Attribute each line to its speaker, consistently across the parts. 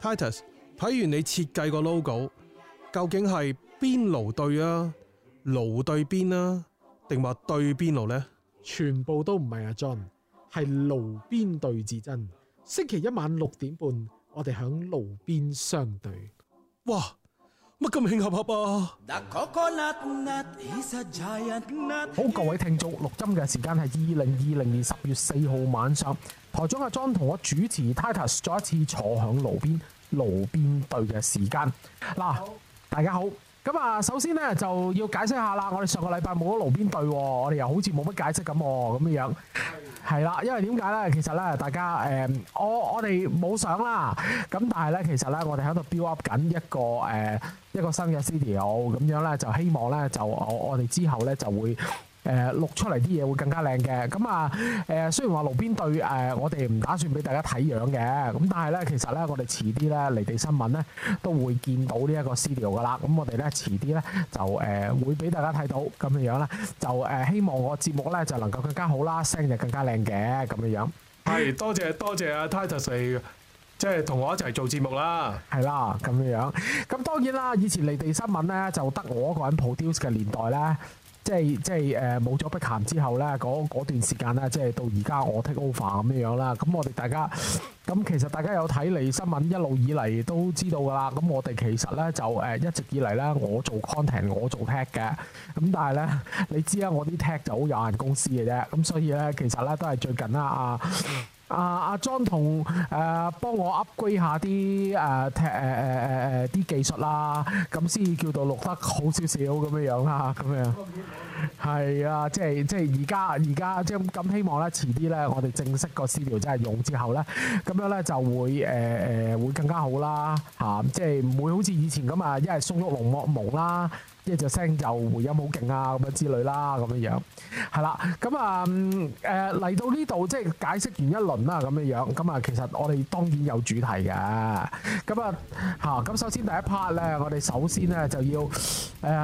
Speaker 1: Titus，睇完你設計個 logo，究竟係邊爐對啊？爐對邊啊？定話對邊
Speaker 2: 爐呢？全部都唔係啊！John，係爐邊對至真。星期一晚六點半，我哋響爐邊相對。哇！.乜咁慶合合啊？好，各位聽眾，錄音嘅時間係二零二零年十月四號晚上，台長阿莊同我主持 Titus 再一次坐響爐邊，爐邊對嘅時間。嗱，大家好。咁啊，首先咧就要解釋下啦。我哋上個禮拜冇咗爐邊對喎、哦，我哋又好似冇乜解釋咁、哦，咁樣樣係啦。因為點解咧？其實咧，大家誒、呃，我我哋冇想啦。咁但係咧，其實咧，我哋喺度 build up 緊一個誒、呃、一個新嘅 studio 咁樣咧就希望咧就我我哋之後咧就會。誒錄出嚟啲嘢會更加靚嘅，咁啊誒雖然話爐邊對、啊、我哋唔打算俾大家睇樣嘅，咁但係咧其實咧，我哋遲啲咧離地新聞咧都會見到呢一個資料噶啦，咁我哋咧遲啲咧就誒、呃、會俾大家睇到咁樣樣啦，就、呃、希望我節目咧就能夠更加好啦，聲音就更加靚嘅咁樣樣。
Speaker 1: 係，多謝多謝阿 Titus 嚟，即係同我一齊做節目啦，
Speaker 2: 係啦，咁樣樣。咁當然啦，以前離地新聞咧就得我一個人 produce 嘅年代咧。即係即係誒冇咗碧咸之後咧，嗰段時間咧，即係到而家我 take over 咁樣啦。咁我哋大家咁，其實大家有睇離地新聞一路以嚟都知道㗎啦。咁我哋其實咧就誒一直以嚟咧，我做 content，我做 tech 嘅。咁但係咧，你知啦，我啲 tech 就好有限公司嘅啫。咁所以咧，其實咧都係最近啦啊。啊阿啊，莊同誒幫我 upgrade 下啲誒踢啲技術啦，咁先至叫到錄得好少少咁樣樣啦，咁樣。係啊，即係即係而家而家，即係咁希望咧，遲啲咧，我哋正式個私料真係用之後咧，咁樣咧就會誒誒會更加好啦吓，即係唔會好似以前咁啊，一係松碌龍惡毛啦。一隻聲又回音好勁啊，咁樣之類啦，咁樣樣，係啦，咁啊，嚟、嗯呃、到呢度即係解釋完一輪啦，咁樣樣，咁啊，其實我哋當然有主題嘅，咁啊，咁首先第一 part 咧，我哋首先咧就要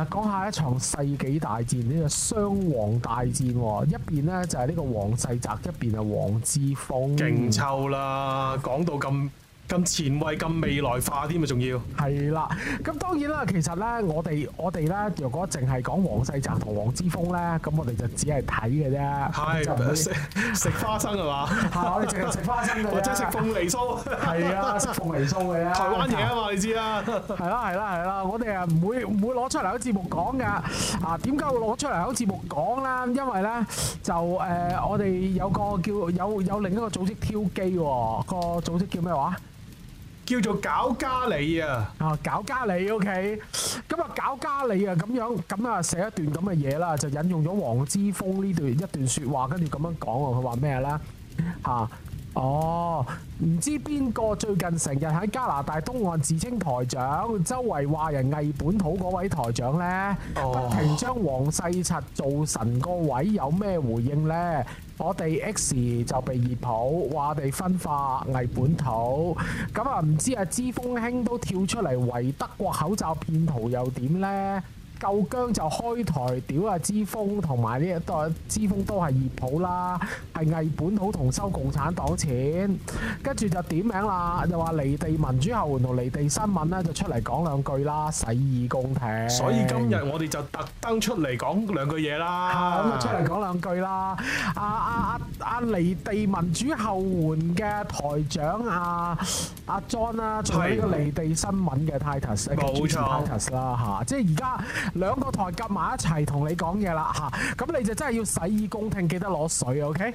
Speaker 2: 講、呃、下一場世紀大戰呢個雙黃大戰喎，一邊呢，就係呢個黃世澤，一邊啊黃之鋒，勁抽
Speaker 1: 啦，講到咁。咁前衛、咁未來化啲咪仲要？
Speaker 2: 係啦，咁當然啦，其實咧，我哋我哋咧，若果淨係講黃世澤同黃之鋒咧，咁我哋就只係睇嘅啫。係食食
Speaker 1: 花生係嘛？係嘛？我哋淨係食花生嘅啫。或者食鳳梨酥。係啊，即係鳳梨酥嘅啫。台灣嘢啊
Speaker 2: 嘛，你知啦。係啦係啦係啦，我哋啊唔會唔會攞出嚟喺節目講㗎。啊，點解會攞出嚟喺節目講咧？因為咧就誒，我哋有個叫有有另一個組織挑機喎。個組織叫咩話？叫做搞加里啊！啊，搞加里，OK。咁啊，搞加里啊，咁樣咁啊，寫一段咁嘅嘢啦，就引用咗黃之鋒呢段一段說話，跟住咁樣講啊，佢話咩咧？吓，哦，唔知邊個最近成日喺加拿大東岸自稱台長，周圍話人偽本土嗰位台長咧，不停將黃世澤做神個位，有咩回應咧？我哋 X 就被熱捧，話哋分化偽本土，咁啊唔知啊，知風興都跳出嚟為德國口罩騙徒又點呢？夠姜就開台屌啊！資豐同埋呢一個資豐都係熱普啦，係偽本土同收共產黨錢，跟住就點名啦，就話離地民主後援同離地新聞咧就出嚟講兩句啦，洗耳恭聽。所以今日
Speaker 1: 我哋就特登出嚟講兩句嘢啦，咁啊出嚟講
Speaker 2: 兩句啦。阿阿阿阿離地民主後援嘅台長阿阿 John 啦，同埋呢個離地新聞嘅 Titus，冇錯，Titus 啦吓，即係而家。兩個台夾埋一齊同你講嘢啦，吓！咁你就真係要洗耳恭聽，記得攞水，OK？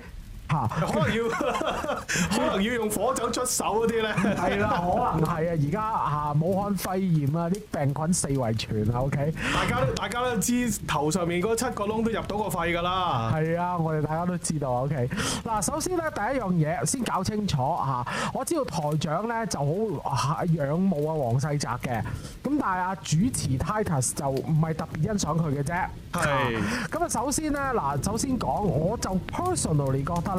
Speaker 1: 嚇，啊、可能要 可能要用火酒出
Speaker 2: 手嗰啲咧，係啦，可能係啊！而家啊，武漢肺炎啊，啲病菌四圍傳啊，O K，大家都大家都知頭上面七個窿都入到個肺噶啦，係啊，我哋大家都知道啊，O K，嗱，okay? 首先咧第一樣嘢先搞清楚啊，我知道台長咧就好仰慕啊黃世澤嘅，咁但係啊主持 Titus 就唔係特別欣賞佢嘅啫，係
Speaker 1: 的，
Speaker 2: 咁啊首先咧嗱，首先講，我就 personally 覺得。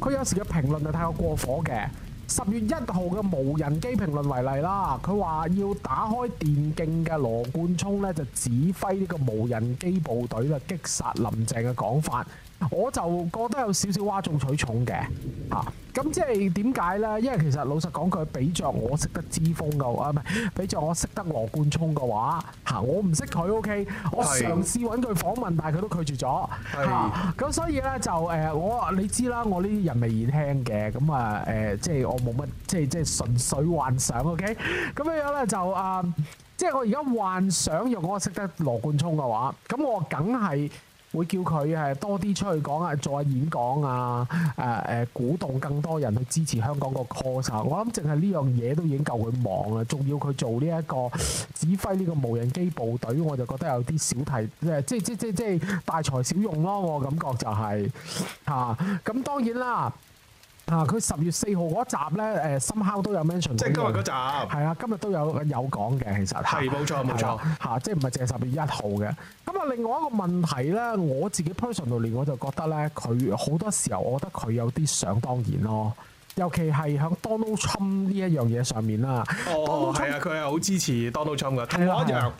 Speaker 2: 佢有時嘅評論就太過過火嘅。十月一號嘅無人機評論為例啦，佢話要打開電競嘅羅冠聰呢，就指揮呢個無人機部隊嘅擊殺林鄭嘅講法。我就覺得有少少嘩眾取寵嘅，嚇、咁即係點解咧？因為其實老實講，佢比着我識得之鋒嘅，啊唔係比著我識得羅冠聰嘅話，嚇、啊、我唔識佢，OK？的我嘗試揾佢訪問，但係佢都拒絕咗，嚇、咁的、啊、所以咧就誒、呃、我你知啦，我呢啲人未年輕嘅，咁啊誒即係我冇乜即係即係純粹幻想，OK？咁樣樣咧就誒、呃，即係我而家幻想，如果我識得羅冠聰嘅話，咁我梗係。會叫佢多啲出去講啊，做演講啊，誒、呃呃、鼓動更多人去支持香港個 course。我諗淨係呢樣嘢都已經夠佢忙啦。仲要佢做呢、這、一個指揮呢個無人機部隊，我就覺得有啲小題，即係即即即大材小用咯。我感覺就係、是、咁、啊、當然啦。啊！佢十月四號嗰集咧，誒，深敲都有 mention，即係今日嗰集係啊，今日都有有講嘅，其實係冇錯冇錯吓，即係唔係淨係十月一號嘅。咁啊，另外一個問題咧，我自己 personally 我就覺得咧，佢好多時候，我覺得佢有啲想當然咯，尤其係響 Donald Trump 呢一樣嘢上面啦。哦，
Speaker 1: 係啊，佢係好支持 Donald Trump 嘅，同我一樣，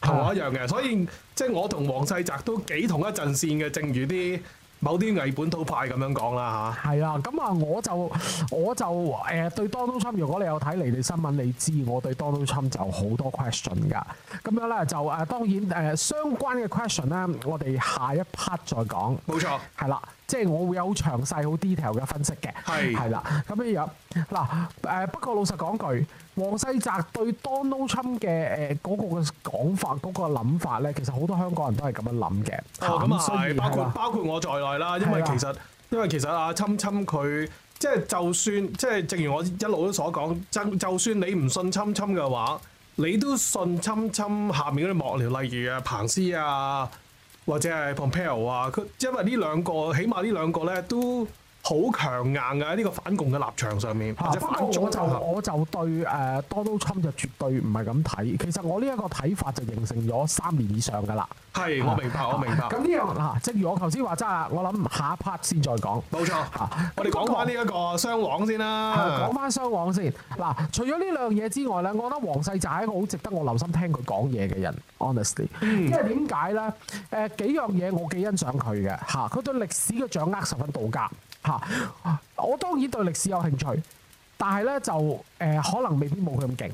Speaker 1: 同我一樣嘅。所以，即係我同黃世澤都幾同一陣線嘅。正如啲。某啲偽本土派咁樣講啦吓？
Speaker 2: 係啦、啊，咁啊我就我就誒對 Donald Trump，如果你有睇離地新聞，你知我對 Donald Trump 就好多 question 噶，咁樣咧就誒、呃、當然誒、呃、相關嘅 question 咧，我哋下一 part 再講，冇錯，係啦、啊。即係我會有好詳細、好 detail 嘅分析嘅是的，係係啦。咁樣有嗱誒，不過老實講句，黃世澤對 Donald Trump 嘅誒嗰個嘅講法、嗰、嗰個諗法咧，其實好多香港人都係咁樣諗嘅。咁啊、哦、以包括是的 包
Speaker 1: 括我在內啦。因為其實是的 因為其實阿侵侵佢即係就算即係，即係、正如我一路都所講，真就算你唔信侵侵嘅話，你都信侵侵下面嗰啲幕僚，例如啊彭斯啊。或者係 Pompeo 啊，佢因為呢兩個，起碼呢兩個咧都。好強硬㗎喺呢個反共嘅立場上面，或者反左就
Speaker 2: 我就對誒 Donald Trump 就絕對唔係咁睇。其實我呢一個睇法就形成咗三年以上㗎啦。係，我明白，我明白。咁呢樣嗱，正如我頭先話齋啊，我諗下一 part 先再講。冇錯， 我哋講翻呢一個雙黃先啦。講翻雙黃先嗱，除咗呢兩嘢之外咧，我覺得黃世仔係一個好值得我留心聽佢講嘢嘅人。Honestly，、嗯、因為點解咧？誒幾樣嘢我幾欣賞佢嘅嚇，佢對歷史嘅掌握十分到家。吓，我當然對歷史有興趣，但係咧就誒、呃、可能未必冇佢咁勁。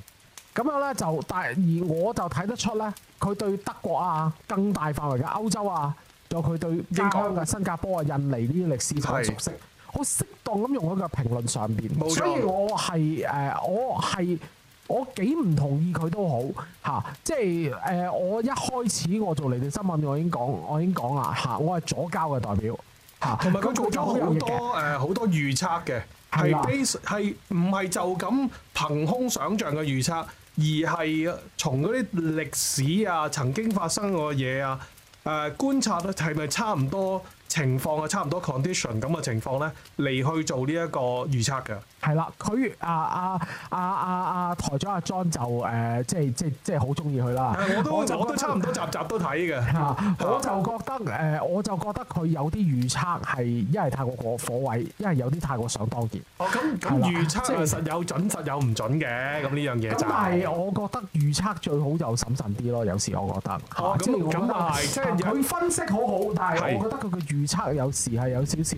Speaker 2: 咁樣咧就，但而我就睇得出咧，佢對德國啊、更大範圍嘅歐洲啊，仲有佢對英國嘅國新加坡啊、印尼呢啲歷史就熟悉，好的適當咁用喺個評論上邊。所以我係誒，我係我，我幾唔同意佢都好嚇、啊，即係誒、啊、我一開始我做離地新聞，我已經講，我已經講啦嚇，我係左膠嘅代表。同埋佢做咗好多
Speaker 1: 誒好，啊呃、多預測嘅係 basic，係唔係就咁憑空想像嘅預測，而係從嗰啲歷史啊，曾經發生過嘅嘢啊誒、呃、觀察咧，係咪差唔多。情況啊，差唔多 condition 咁嘅情況咧，嚟去做呢一個預測嘅。
Speaker 2: 係啦，佢啊啊啊啊啊台長阿莊就誒，即係即係即係好中意佢啦。我都我都
Speaker 1: 差唔多集集都睇嘅。嚇，我就
Speaker 2: 覺得誒，我就覺得佢有啲預測係因為太過火火位，因為有啲太過想當然。咁咁預測其實
Speaker 1: 有準，實有唔準嘅。咁呢樣嘢，就但係
Speaker 2: 我覺得預測最好就審慎啲咯，有時我覺得。咁咁係，即係佢分析好好，但係我覺得佢嘅預。預測有時係有少少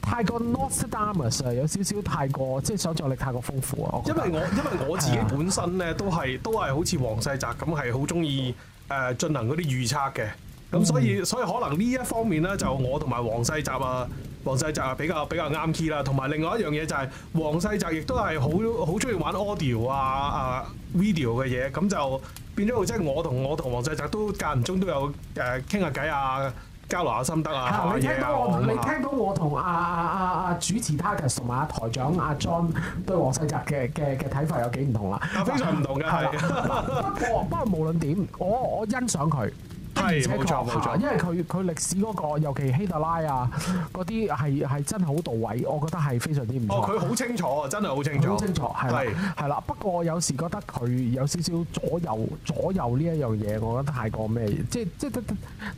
Speaker 2: 太過 Nostradamus 有少少太過即係想像力太過豐富啊！因
Speaker 1: 為我因為我自己本身咧都係都係好似黃世澤咁，係好中意誒進行嗰啲預測嘅，咁所以所以可能呢一方面咧，就我同埋黃世澤啊，黃、嗯、世澤啊比較比較啱 key 啦。同埋另外一樣嘢就係黃世澤亦都係好好中意玩 audio 啊啊 video 嘅嘢，咁就變咗即係我同我同黃世澤都間唔中都有誒傾下偈啊。聊聊交流下心得啊！的我你聽到我，啊、你聽
Speaker 2: 到我同阿阿阿主持 Tucker 同埋阿台長阿、啊、John 對黃世澤嘅嘅嘅睇法有幾唔同啦？非常唔同嘅，係。不過不過無論點，我我欣賞佢。係冇錯冇錯，因為佢佢歷史嗰、嗰個，尤其希特拉啊嗰啲係係真係好到位，我覺得係非常之唔錯。哦，佢
Speaker 1: 好清楚啊，真係好清楚，好清楚，
Speaker 2: 係係啦。不過我有時覺得佢有少少左右左右呢一樣嘢，我覺得太過咩嘢，即係即係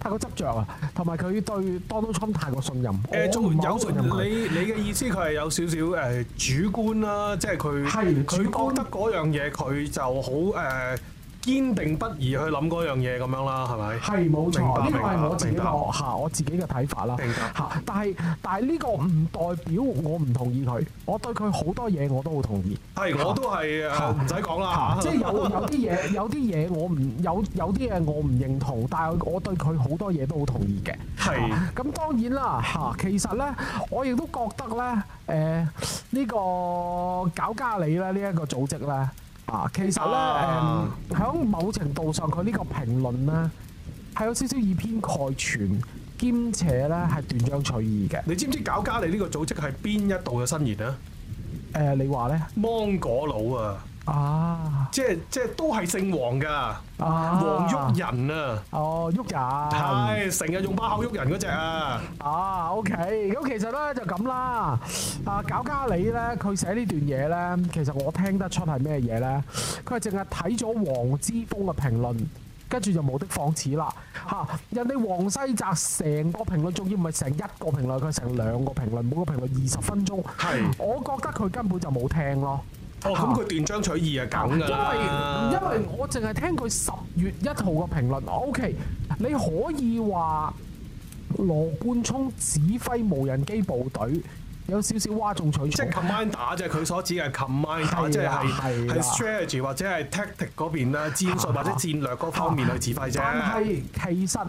Speaker 2: 太過執着啊，同埋佢對 Donald Trump 太過信任。誒、呃，做完走神。
Speaker 1: 你你嘅意思佢係有少少誒主觀啦，即係佢係佢覺得嗰樣嘢佢就好誒。呃堅定不移去諗嗰樣嘢咁樣啦，係咪？係
Speaker 2: 冇錯，呢個係我自己學下我自己嘅睇法啦。明白。嚇！但係但係呢個唔代表我唔同意佢，我對佢好多嘢我都好同意。
Speaker 1: 係，我都係啊，唔使講啦。嚇！即係是、就是、有有啲嘢有
Speaker 2: 啲嘢我唔有有啲嘢我唔認同，但係我對佢好多嘢都好同意嘅。係是。咁、啊、當然啦嚇、啊，其實咧我亦都覺得咧誒呢、呃呢個搞家理咧呢一個組織咧。啊，其實咧，誒、啊，喺、嗯、某程度上，佢呢個評論咧，係有少少以偏概全，兼且咧係斷章取義嘅。
Speaker 1: 你知唔知搞加利呢個組織係邊一度嘅新言啊？誒、呃，你話咧？芒果佬啊！啊！即係即係都係姓黃噶，黃郁人啊！
Speaker 2: 啊哦，郁人，係成日用把口郁人嗰隻啊！啊，OK。咁其實咧就咁啦。啊，搞加里咧，佢寫呢段嘢咧，其實我聽得出係咩嘢咧？佢淨係睇咗黃之鋒嘅評論，跟住就無的放矢啦。吓、啊，人哋黃世澤成個評論，仲要唔係成一個評論，佢成兩個評論，每個評論二十分鐘。係是，我覺得佢根本就冇聽咯。哦，咁佢斷
Speaker 1: 章取義啊，咁噶，因為因為
Speaker 2: 我淨係聽佢十月一號嘅評論，OK 你可以話羅冠聰指揮無人機部隊有少少嘩眾取寵。即係 command
Speaker 1: 打啫，佢所指嘅 command 打即係係 strategy 或者係 tactic 嗰邊啦，戰術或者戰略嗰方面去指揮啫、啊啊啊。但係
Speaker 2: 其實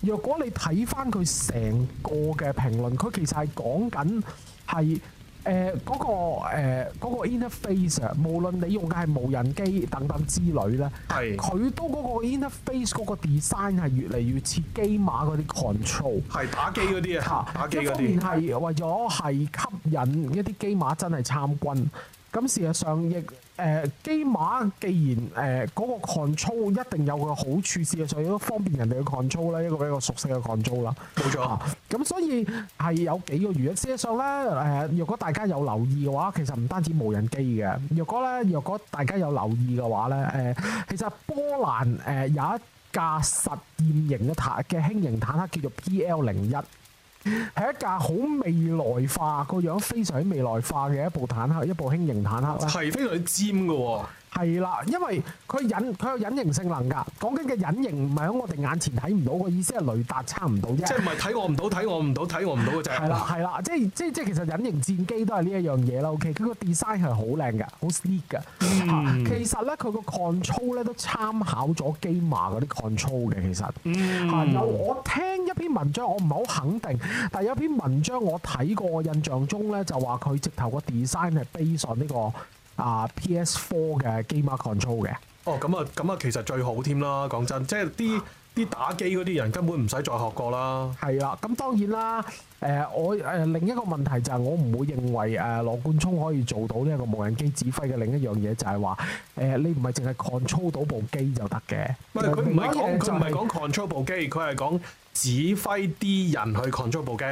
Speaker 2: 若果你睇翻佢成個嘅評論，佢其實係講緊係。誒嗰、呃嗰個誒嗰、呃嗰個 interface，無論你用嘅係無人機等等之類咧，佢是都嗰個 interface 嗰個 design 係越嚟越似機碼嗰啲 control，
Speaker 1: 係打機嗰啲啊，打一
Speaker 2: 方面係為咗係吸引一啲機碼真係參軍。咁事實上，亦誒機馬既然誒嗰個 control 一定有佢嘅好處，事實上亦都方便人哋去 control 咧，一個比較熟悉嘅 control 啦。冇錯。咁、啊、所以係有幾個原因事實上咧誒，若果大家有留意嘅話，其實唔單止無人機嘅，若果咧，若果大家有留意嘅話咧，誒，其實波蘭誒有一架實驗型嘅坦嘅輕型坦克叫做 PL 零一。01，係一架好未來化個樣，非常未來化嘅一部坦克，一部輕型坦克咧。係非常之尖嘅。哦。係啦，因為佢隱佢有隱形性能噶。講緊嘅隱形唔係喺我哋眼前睇唔到，個意思係雷達差唔到啫。即係
Speaker 1: 唔係睇我唔到，睇我唔到，睇我唔到嘅啫。係啦，係
Speaker 2: 啦，即係即係即係，其實隱形戰機都係呢一樣嘢啦。OK，佢個 design 係好靚噶，好 slick 噶。嗯。其實咧，佢個 control 咧都參考咗機麻嗰啲 control 嘅，其實。嗯。有我聽一篇文章，我唔係好肯定。但係有一篇文章我睇過，印象中咧就話佢直頭個 design 係 base 上呢個啊 PS4 嘅 game control 嘅。
Speaker 1: 哦，咁啊，咁啊，其實最好添啦，講真，即係啲啲打機嗰啲人根本唔使再學過
Speaker 2: 啦。係啦、啊，咁當然啦。誒、呃，我誒、呃、另一個問題就係我唔會認為誒羅冠聰可以做到呢個無人機指揮嘅另一樣嘢，就係話誒你唔係淨係 control 到部機就得嘅。佢唔係講佢唔係
Speaker 1: 講 control 部機，佢係講。指揮啲人去 control 部機，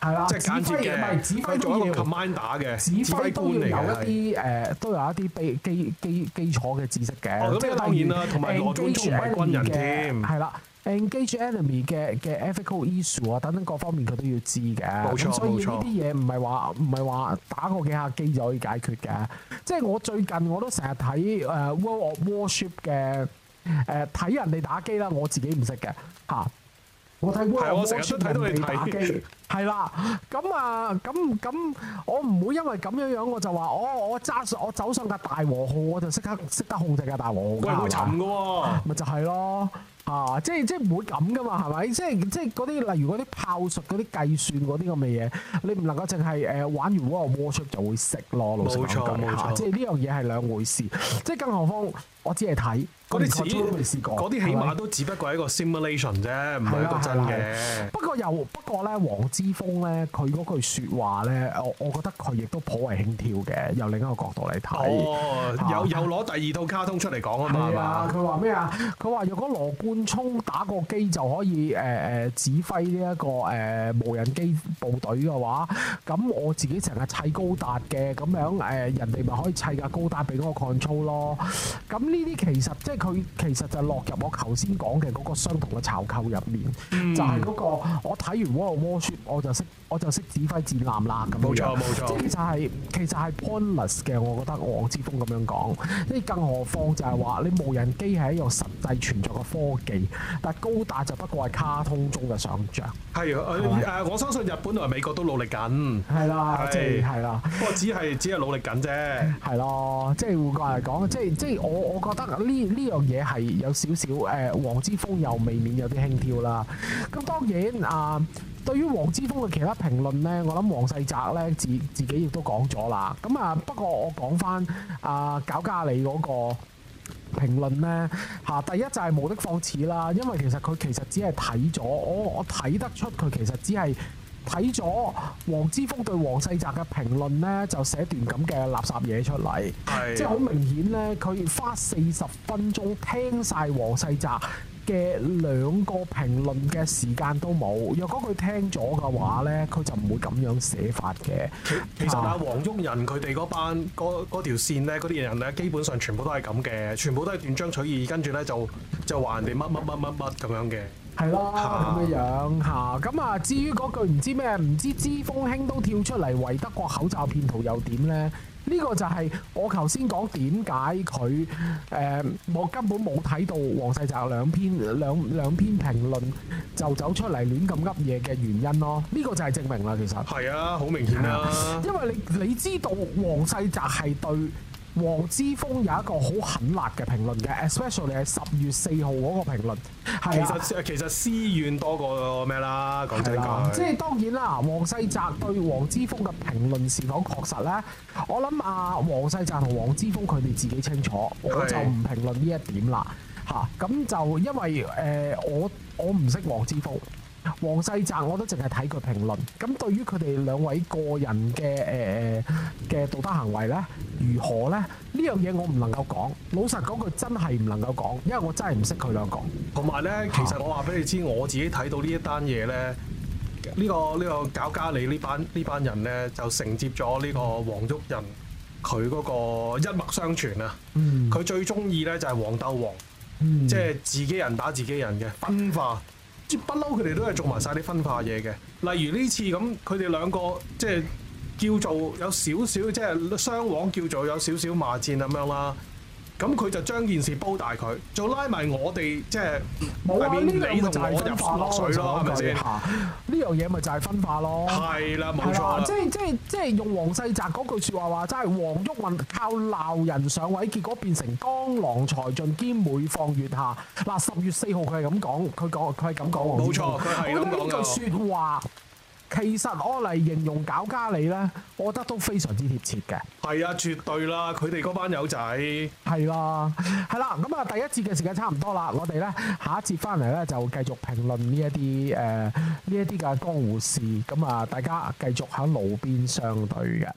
Speaker 1: 係啦，即係簡直嘅。指佢做一個 command 打嘅指揮官嚟，都有一啲
Speaker 2: 誒，都有一啲基基基基礎嘅知識嘅。哦，咁啊，當然啦，同埋羅中仲唔係軍人添？係啦，engage enemy 嘅嘅 ethical issue 啊，等等各方面佢都要知嘅。冇錯冇錯。所以呢啲嘢唔係話唔係話打過幾下機就可以解決嘅。即係我最近我都成日睇誒 World of Warships 嘅誒睇人哋打機啦，我自己唔識嘅嚇。係我年初睇到你打機，係啦你看，咁啊，咁咁，我唔會因為咁樣樣，我就話，我我揸我走上架大和號，我就識刻識得控制架大和號。喂、啊，好沉噶喎！咪就係、是、咯，啊，即係即係冇咁噶嘛，係咪？即係即係嗰啲，例如嗰啲炮術嗰啲計算嗰啲咁嘅嘢，你唔能夠淨係誒玩完《War and w 就會識咯，老實講。冇錯冇錯，錯即係呢樣嘢係兩回事。即係更何況我只係睇。嗰啲始終都未試過，嗰啲起碼都
Speaker 1: 只不過係一個 simulation 啫，唔係一個真嘅。不
Speaker 2: 過又不過咧，黃之鋒咧，佢嗰句説話咧，我我覺得佢亦都頗為輕佻嘅。由另一個角度嚟睇，又、哦、有
Speaker 1: 攞、啊、第二套卡通出嚟講啊嘛。係啊，佢
Speaker 2: 話咩啊？佢話若果羅冠聰打個機就可以誒誒、呃、指揮呢、這、一個誒、呃、無人機部隊嘅話，咁我自己成日砌高達嘅咁樣誒、呃，人哋咪可以砌架高達俾嗰個 control 咯。咁呢啲其實即係。.佢其實就落入我頭先講嘅嗰個相同嘅窠臼入面，嗯、就係嗰、嗰個、嗯、我睇完《Who Are Who》書我就識。我就識指揮戰艦啦，咁冇錯樣，冇錯即係就係其實係 pointless 嘅，我覺得黃之鋒咁樣講，即係更何況就係話你無人機係一種實際存在嘅科技，但高達就不過係卡通中嘅想像。
Speaker 1: 係、啊，誒吧、啊，我相信日本同埋美國都努力緊。係啦，係啦。不過只係只係努力緊啫。
Speaker 2: 係咯、啊，即係換句嚟講，即係即係我我覺得呢呢樣嘢係有少少誒、啊，黃之鋒又未免有啲輕佻啦。咁當然啊。對於黃之峰嘅其他評論呢，我諗黃世澤呢，自己自己亦都講咗啦。咁啊，不過我講翻、呃、啊搞加利嗰個評論咧吓，第一就係無的放矢啦，因為其實佢其實只係睇咗，我我睇得出佢其實只係睇咗黃之峰對黃世澤嘅評論呢，就寫段咁嘅垃圾嘢出嚟，的即係好明顯呢，佢花四十分鐘聽晒黃世澤。嘅兩個評論嘅時間都冇，若果佢聽咗嘅話咧，佢就唔會咁樣寫法嘅。其實阿
Speaker 1: 黃忠仁佢哋嗰班嗰嗰條線咧，嗰啲人咧，基本上全部都係咁嘅，全部都係斷章取義，跟住咧就就話人哋乜乜乜乜乜咁樣嘅。
Speaker 2: 係啦哇，咁嘅、啊、樣嚇。咁啊，至於嗰句唔知咩唔知知風興都跳出嚟為德國口罩騙徒又點咧？呢個就係我頭先講點解佢，誒，我根本冇睇到黃世澤兩篇兩兩篇評論，就走出嚟亂咁噏嘢嘅原因咯。呢、這個就係證明啦，其實係
Speaker 1: 啊，好明顯啊，
Speaker 2: 因為你你知道黃世澤係對。黃之鋒有一個好狠辣嘅評論嘅，especially 係十月四號嗰個評論，
Speaker 1: 其實、啊、其實私怨多過咩啦，講真講。即係
Speaker 2: 當然啦，黃世澤對黃之鋒嘅評論是否確實咧？我諗啊，黃世澤同黃之鋒佢哋自己清楚，我就唔評論呢一點啦。嚇的，咁、啊、就因為誒、呃，我我唔識黃之鋒。黃世澤我都淨係睇佢評論，咁對於佢哋兩位個人嘅，誒嘅道德行為咧，如何咧？呢樣嘢我唔能夠講，老實講句真係唔能夠講，因為我真係唔識佢兩個。
Speaker 1: 同埋咧，其實我話俾你知，我自己睇到一呢一單嘢咧，呢、這個呢、這個搞家裏呢班呢班人咧，就承接咗呢個黃毓民佢嗰個一脈相傳啊。佢、嗯、最中意咧就係黃鬥黃，即係、嗯、自己人打自己人嘅分化。即不嬲，佢哋都係做埋晒啲分化嘢嘅。例如呢次咁，佢哋兩個即係叫做有少少，即係雙黃叫做有少少罵戰咁樣啦。咁佢就將件事煲大佢，再拉埋我哋即係，冇啊！呢啲咪就係分化咯，係咪先？
Speaker 2: 呢樣嘢咪就係分化咯。係啦，冇錯，即係即係即係用黃世澤嗰句說話話，真係黃毓民靠鬧人上位，結果變成江郎才盡兼每放月下。嗱，啊，十月四號佢係咁講，佢講，佢係咁講。冇錯，佢係咁講噶。句說話。嗯其實攞嚟形容搞家你咧，我覺得都非常之貼切嘅。
Speaker 1: 係啊，絕對啦！佢哋嗰班友仔
Speaker 2: 係啦，係啦、啊。咁啊、嗯，第一節嘅時間差唔多啦，我哋咧下一節翻嚟咧就繼續評論呢一啲誒呢一啲嘅江湖事。咁、呃、啊、嗯，大家繼續喺爐邊相對嘅。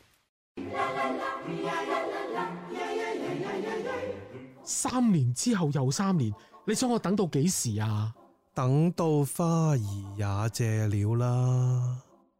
Speaker 2: 三年之後又三年，你想我等到幾時啊？等到
Speaker 1: 花兒也謝了啦。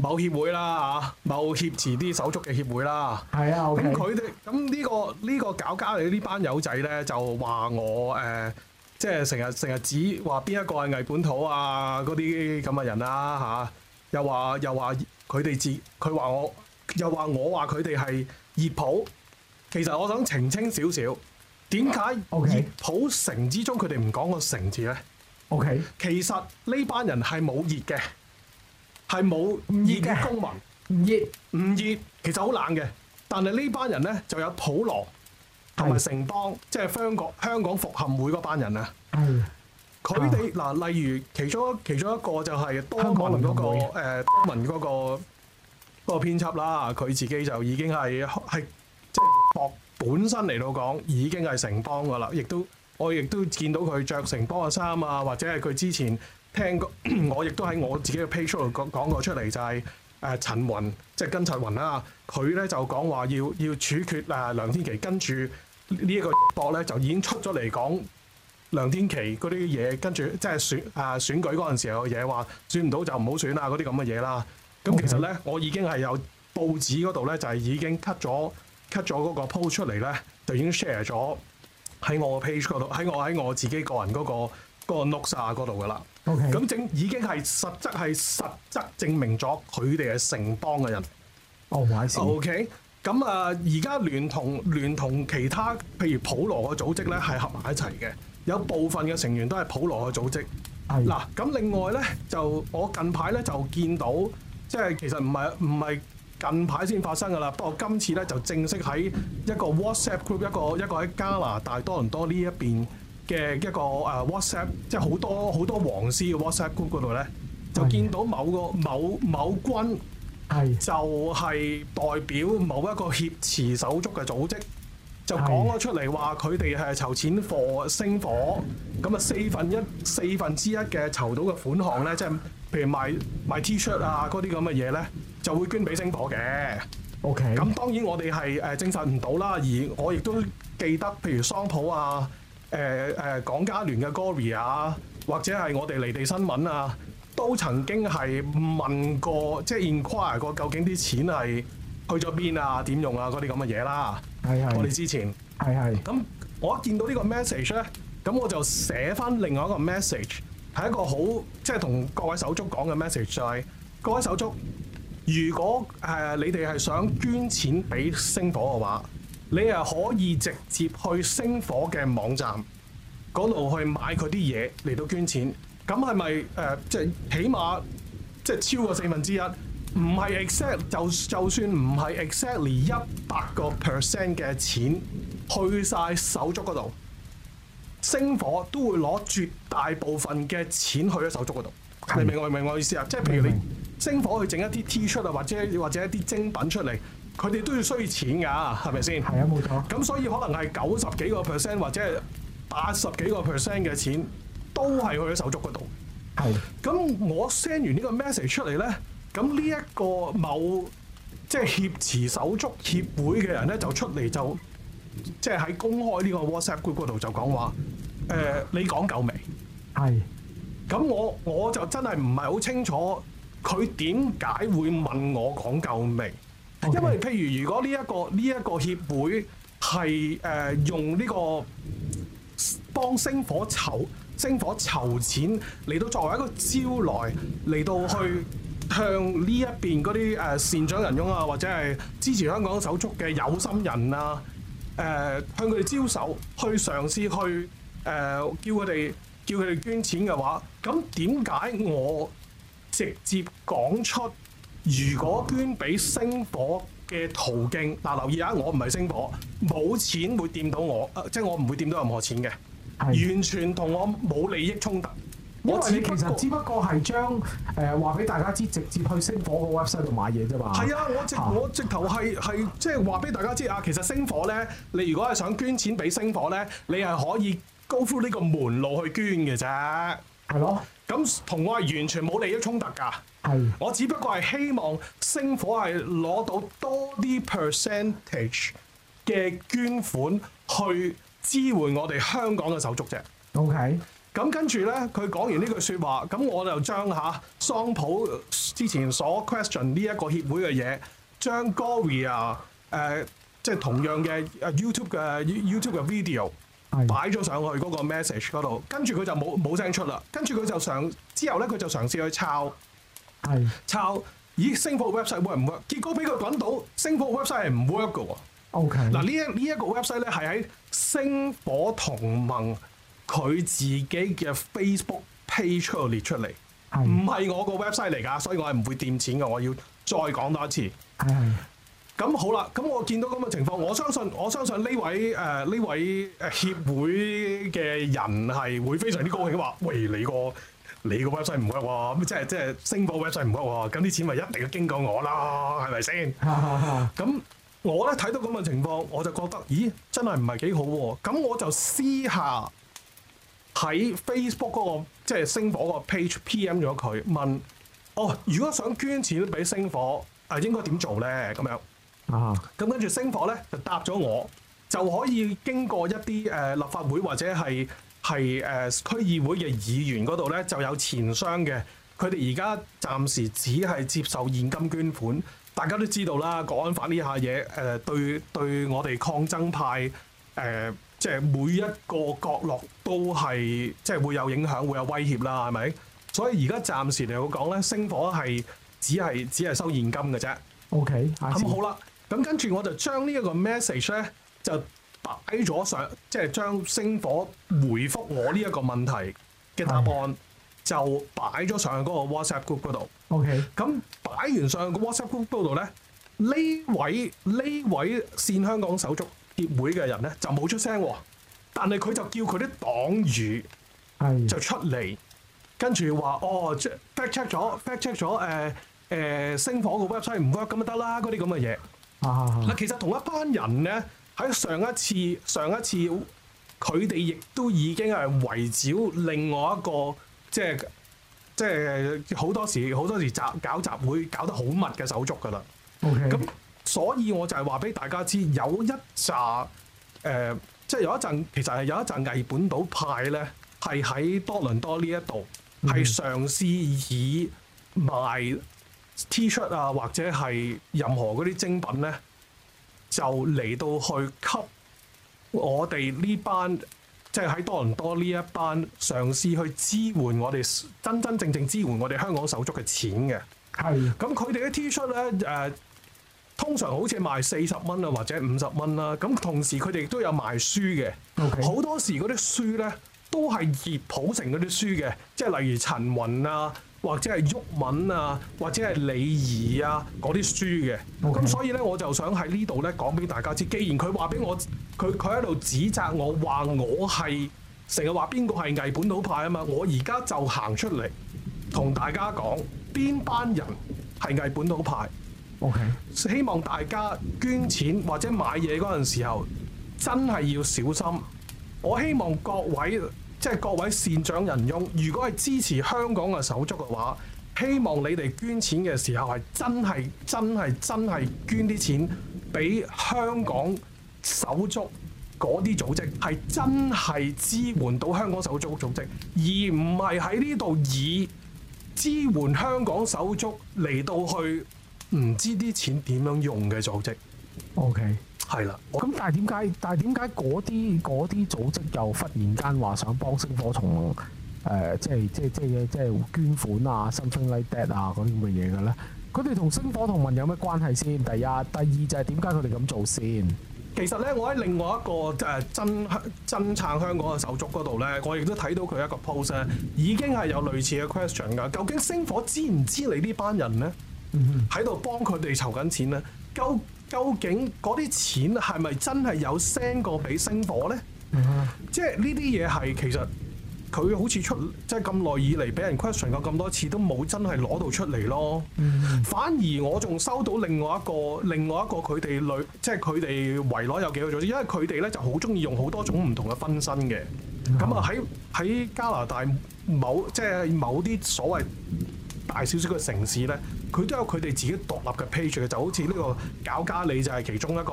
Speaker 1: 某協會啦嚇，某協持啲手足嘅協會啦。係啊，咁佢哋咁呢個呢、呢個搞家裏呢班友仔咧，就話我誒，即係成日成日指話邊一個係偽本土啊，嗰啲咁嘅人啦、啊啊、又話又話佢哋自佢話我，又話我話佢哋係熱普。其實我想澄清少少，點解熱普城之中佢哋唔講個城字咧？OK，其實呢班人係冇熱嘅。係冇熱嘅公民，唔熱唔熱，熱其實好冷嘅。但係呢班人咧，就有普羅同埋城邦，是的 即係香港香港復合會嗰班人的們啊。佢哋嗱，例如其中一其中一個就係、嗰個、香港人嗰、呃嗰個誒，文、嗰、嗰個嗰個編輯啦。佢自己就已經係係即係博本身嚟到講，已經係城邦噶啦。亦都我亦都見到佢着城邦嘅衫啊，或者係佢之前。聽過我亦都喺我自己嘅 page 度講講過出嚟，就係呃陳雲，即係跟陳雲啦。佢咧就講話要要處決啊梁天琦，跟住呢一個博咧就已經出咗嚟講梁天琦嗰啲嘢，跟住即係選啊選舉嗰陣時嘅嘢，話選唔到就唔好選啊嗰啲咁嘅嘢啦。咁其實咧，Okay. 我已經係有報紙嗰度咧，就係已經 cut 咗 cut 咗嗰個 post 出嚟咧，就已經 share 咗喺我嘅 page 嗰度，喺我喺我自己個人嗰個嗰個 note 嗰度噶啦。咁正 Okay, 已經係實質係實質證明咗佢哋係城邦嘅人。哦，OK。咁、okay, 啊，而家聯同聯同其他譬如普羅嘅組織咧，係合埋一齊嘅。有部分嘅成員都係普羅嘅組織。嗱的，咁另外咧，就我近排咧就見到，即、就、係、是、其實唔係唔係近排先發生噶啦。不過今次咧就正式喺一個 WhatsApp group，一個一個喺加拿大多倫多呢一邊，嘅一個誒，WhatsApp，即係好多好多黃絲嘅 WhatsApp group 嗰度咧，就見到某個的某某軍，係就係代表某一個協持手足嘅組織，就講咗出嚟話佢哋係籌錢 for 星火，咁啊四分一四分之一嘅籌到嘅款項咧，即係譬如賣賣 T-shirt 啊嗰啲咁嘅嘢咧，就會捐俾星火嘅。O K，咁當然我哋係誒證實唔到啦，而我亦都記得，譬如桑普啊。誒誒、呃呃，港加聯嘅 Gory 啊，或者係我哋離地新聞啊，都曾經係問過，即係 inquire 過究竟啲錢係去咗邊啊、點用啊嗰啲咁嘅嘢啦。係係我哋之前係係。咁我一見到個呢個 message 咧，咁我就寫翻另外一個 message，係一個好即係同各位手足講嘅 message，就係各位手足，如果、呃、你哋係想捐錢俾星火嘅話。你係可以直接去星火嘅網站嗰度去買佢啲嘢嚟到捐錢，咁係咪誒？即係起碼即係超過四分之一，唔係 exact 就就算唔係 exactly 一百個 percent 嘅錢去晒手足嗰度，星火都會攞絕大部分嘅錢去咗手足嗰度。你明唔明我意思啊？嗯、即係譬如你星火去整一啲 T 恤啊，或者或者一啲精品出嚟。佢哋都要需要錢㗎，係咪先？係啊，冇錯。咁所以可能係九十幾個 percent 或者係八十幾個 percent 嘅錢，都係去咗手足嗰度。
Speaker 2: 係的。
Speaker 1: 咁我 send 完呢個 message 出嚟咧，咁呢一個某即係挾持手足協會嘅人咧，就出嚟就即係喺公開呢個 WhatsApp Group 嗰度就講話：誒、呃，你講夠未？係的。咁我我就真係唔係好清楚，佢點解會問我講夠未？因為譬如，如果呢、呢、一個呢一、呢個協會係誒、呃、用呢個幫星火籌星火籌錢嚟到作為一個招徠，嚟到去向呢一邊嗰啲誒善長人翁啊，或者係支持香港手足嘅有心人啊，誒、呃、向佢哋招手，去嘗試去誒、呃、叫佢哋叫佢哋捐錢嘅話，咁點解我直接講出？如果捐俾星火嘅途徑，嗱留意下，我唔係星火，冇錢會掂到我，即、呃、係、就是、我唔會掂到任何錢
Speaker 2: 嘅，的完全同我冇利益衝突。因為我為你其實只不過係將誒話俾大家知，直接去星火個 website 度買嘢啫嘛。係啊，我直、啊、我直頭係
Speaker 1: 係即係話俾大家知啊，其實星火咧，你如果係想捐錢俾星火咧，你係可以 go through 呢個門路去捐嘅啫。係咯。咁同我係完全冇利益衝突噶，是我只不過係希望星火係攞到多啲 percentage 嘅捐款去支援我哋香港嘅手足啫。OK，咁跟住咧，佢講完呢句說話，咁我就將下桑普之前所 question 呢一個協會嘅嘢，將 Gorilla 即、呃、係、就是、同樣嘅 you YouTube 嘅 YouTube 嘅 video。擺咗是上去嗰個 message 嗰度，跟住佢就冇冇聲出啦，跟住佢就嘗之後咧，佢就嘗試去抄，係抄咦星火 website 會唔 work？結果俾佢滾到星火 website 係唔 work 噶，OK 嗱、啊這個、呢一呢一個 website 咧係喺星火同盟佢自己嘅 Facebook page 度列出嚟，唔係是我個 website 嚟噶，所以我係唔會掂錢噶，我要再講多一次。咁好啦，咁我見到咁嘅情況，我相信我相信呢位誒呢、呃、位協會嘅人係會非常之高興嘅話，喂你個你個 website 唔得喎，咁即係即係星火 website 唔得喎，咁啲錢咪一定要經過我啦，係咪先？咁 我咧睇到咁嘅情況，我就覺得，咦，真係唔係幾好喎、啊？咁我就私下喺 Facebook 嗰、那個即係星火個 page PM 咗佢，問：哦，如果想捐錢俾星火，啊、呃、應該點做咧？咁樣。啊！咁跟住星火咧就答咗我，就可以經過一啲、呃、立法會或者係、呃、區議會嘅議員嗰度咧，就有錢商嘅。佢哋而家暫時只係接受現金捐款。大家都知道啦，國安法呢下嘢、呃、對，對我哋抗爭派即係、呃即係、每一個角落都係即係會有影響，會有威脅啦，係咪？所以而家暫時嚟講咧，星火係只係只係收現金嘅啫。
Speaker 2: OK，咁好
Speaker 1: 啦。咁跟住我就將呢一個 message 咧就擺咗上，即係將星火回覆我呢一個問題嘅答案的就擺咗上嗰個 WhatsApp group 嗰度。OK. 咁擺完上個 WhatsApp group 嗰度咧，呢位呢位線香港手足協會嘅人咧就冇出聲，但係佢就叫佢啲黨羽就出嚟的跟住話哦，check fact check 咗，fact check 咗，誒誒星火個 website 唔 work 咁啊，得啦，嗰啲咁嘅嘢。啊！嗱，其實同一班人咧，喺上一次、上一次，佢哋亦都已經係圍剿另外一個，即係即係好多時、好多時集搞集會，搞得好密嘅手足噶啦。OK，咁所以我就係話俾大家知，有一集誒、呃，即係有一陣，其實係有一陣偽本島派咧，係喺多倫多呢一度，係嘗試以賣。T 恤啊，shirt，或者係任何嗰啲精品呢，就嚟到去吸我哋呢班，即係喺多倫多呢一班，嘗試去支援我哋真真正正支援我哋香港手足嘅錢嘅。係的。咁佢哋嘅 T 恤呢，誒、呃，通常好似賣四十蚊啊，或者五十蚊啦。咁同時佢哋都有賣書嘅。好 Okay. 多時嗰啲書呢，都係熱普成嗰啲書嘅，即係例如陳雲啊。或者係郁文啊，或者係禮儀啊，嗰啲書嘅，咁 Okay. 所以呢，我就想喺呢度呢講俾大家知，既然佢話俾我，佢佢喺度指責我話我係成日話邊個係偽本土派啊嘛，我而家就行出嚟同大家講邊班人係偽本土派，Okay. 希望大家捐錢或者買嘢嗰陣時候真係要小心，我希望各位。即係各位善長仁翁，如果係支持香港嘅手足嘅話，希望你哋捐錢嘅時候係真係真係真係捐啲錢俾香港手足嗰啲組織，係真係支援到香港手足組織，而唔係喺呢度以支援香港手足嚟到去唔知啲錢點樣用嘅組織。
Speaker 2: O.K. 係啦，咁但係點解？但係點解嗰啲啲組織又忽然間話想幫星火同誒、呃、即係即係即係即係捐款啊、Something like that 啊嗰啲咁嘅嘢嘅咧？佢哋同星火同盟有咩關係先？第一、第二就係點解佢哋咁做先？
Speaker 1: 其實咧，我喺另外一個誒、呃、真真撐香港嘅手足嗰度咧，我亦都睇到佢一個 post、啊、已經係有類似嘅 question 噶。究竟星火知唔知你這呢班人咧？喺度幫佢哋籌緊錢咧？究。究竟嗰啲錢係咪真係有 send 過俾星火呢？即係呢啲嘢係其實佢好似出即係咁耐以嚟俾人 question 過咁多次都沒有、mm，都冇真係攞到出嚟咯。反而我仲收到另外一個，另外一個佢哋類，即係佢哋圍攞有幾個組織？因為佢哋呢就好中意用好多種唔同嘅分身嘅。咁啊喺喺加拿大某即係、就是、某啲所謂。大少少嘅城市咧，佢都有佢哋自己獨立嘅 page 嘅，就好似呢個卡加利就係其中一個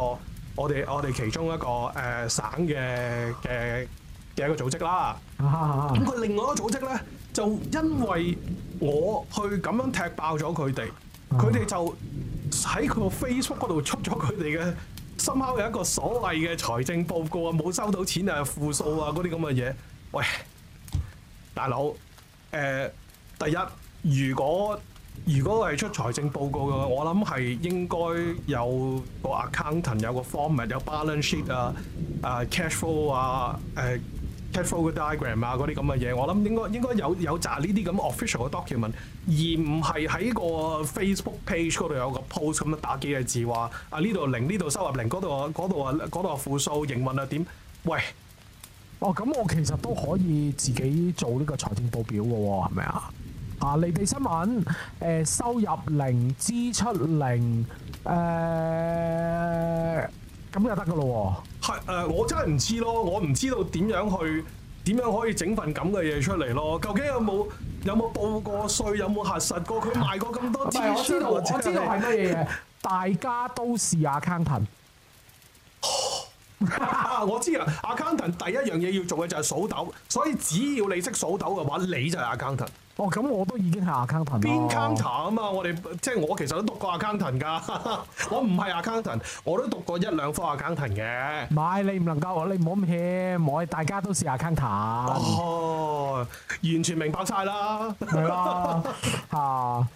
Speaker 1: 我哋我哋其中一個、呃、省嘅嘅嘅一個組織啦。
Speaker 2: 咁佢、
Speaker 1: 啊啊、另外一個組織咧，就因為我去咁樣踢爆咗佢哋，佢哋、啊、就喺佢個 Facebook 嗰度出咗佢哋嘅，深口有一個所謂嘅財政報告啊，冇收到錢啊，負數啊，嗰啲咁嘅嘢。喂，大佬，誒、呃，第一。如果如果係出財政報告嘅，我諗係應該有個 accountant，有個 format，有 balance sheet 啊，啊 cash flow 啊，誒、啊、cash flow 嘅 diagram 啊，嗰啲咁嘅嘢，我諗應該應該有有集呢啲咁 official 嘅 document，而唔係喺個 Facebook page 嗰度有一個 post 咁樣打幾隻字話啊呢度零，呢度收入零，嗰度啊嗰度啊嗰度啊負數，營運啊點？喂，
Speaker 2: 哦咁我其實都可以自己做呢個財政報表嘅喎，係咪啊？啊！離地新聞，誒、呃、收入零，支出零，誒咁就得噶咯喎？
Speaker 1: 係、啊啊、我真係唔知咯，我唔知道點樣去，點樣可以整份咁嘅嘢出嚟咯？究竟有冇有冇報過稅？有冇核實過佢賣過咁多支？我知道，是我知道係乜嘢嘅？
Speaker 2: 大家都係 accountant
Speaker 1: 我知啊 accountant 第一樣嘢要做嘅就係數豆，所以只要你識數豆嘅話，你就係 accountant。
Speaker 2: 哦，咁我都已經係 accountant 邊 accountant
Speaker 1: 啊嘛！我哋即係我其實都讀過 accountant 噶，哦、我唔係 accountant，我都讀過一兩科 accountant 嘅。
Speaker 2: 唔係你唔能夠，你唔好咁 hea 唔好，大家都係 accountant。
Speaker 1: 哦，完全明白晒啦，係啦吧，
Speaker 2: 嚇、 啊！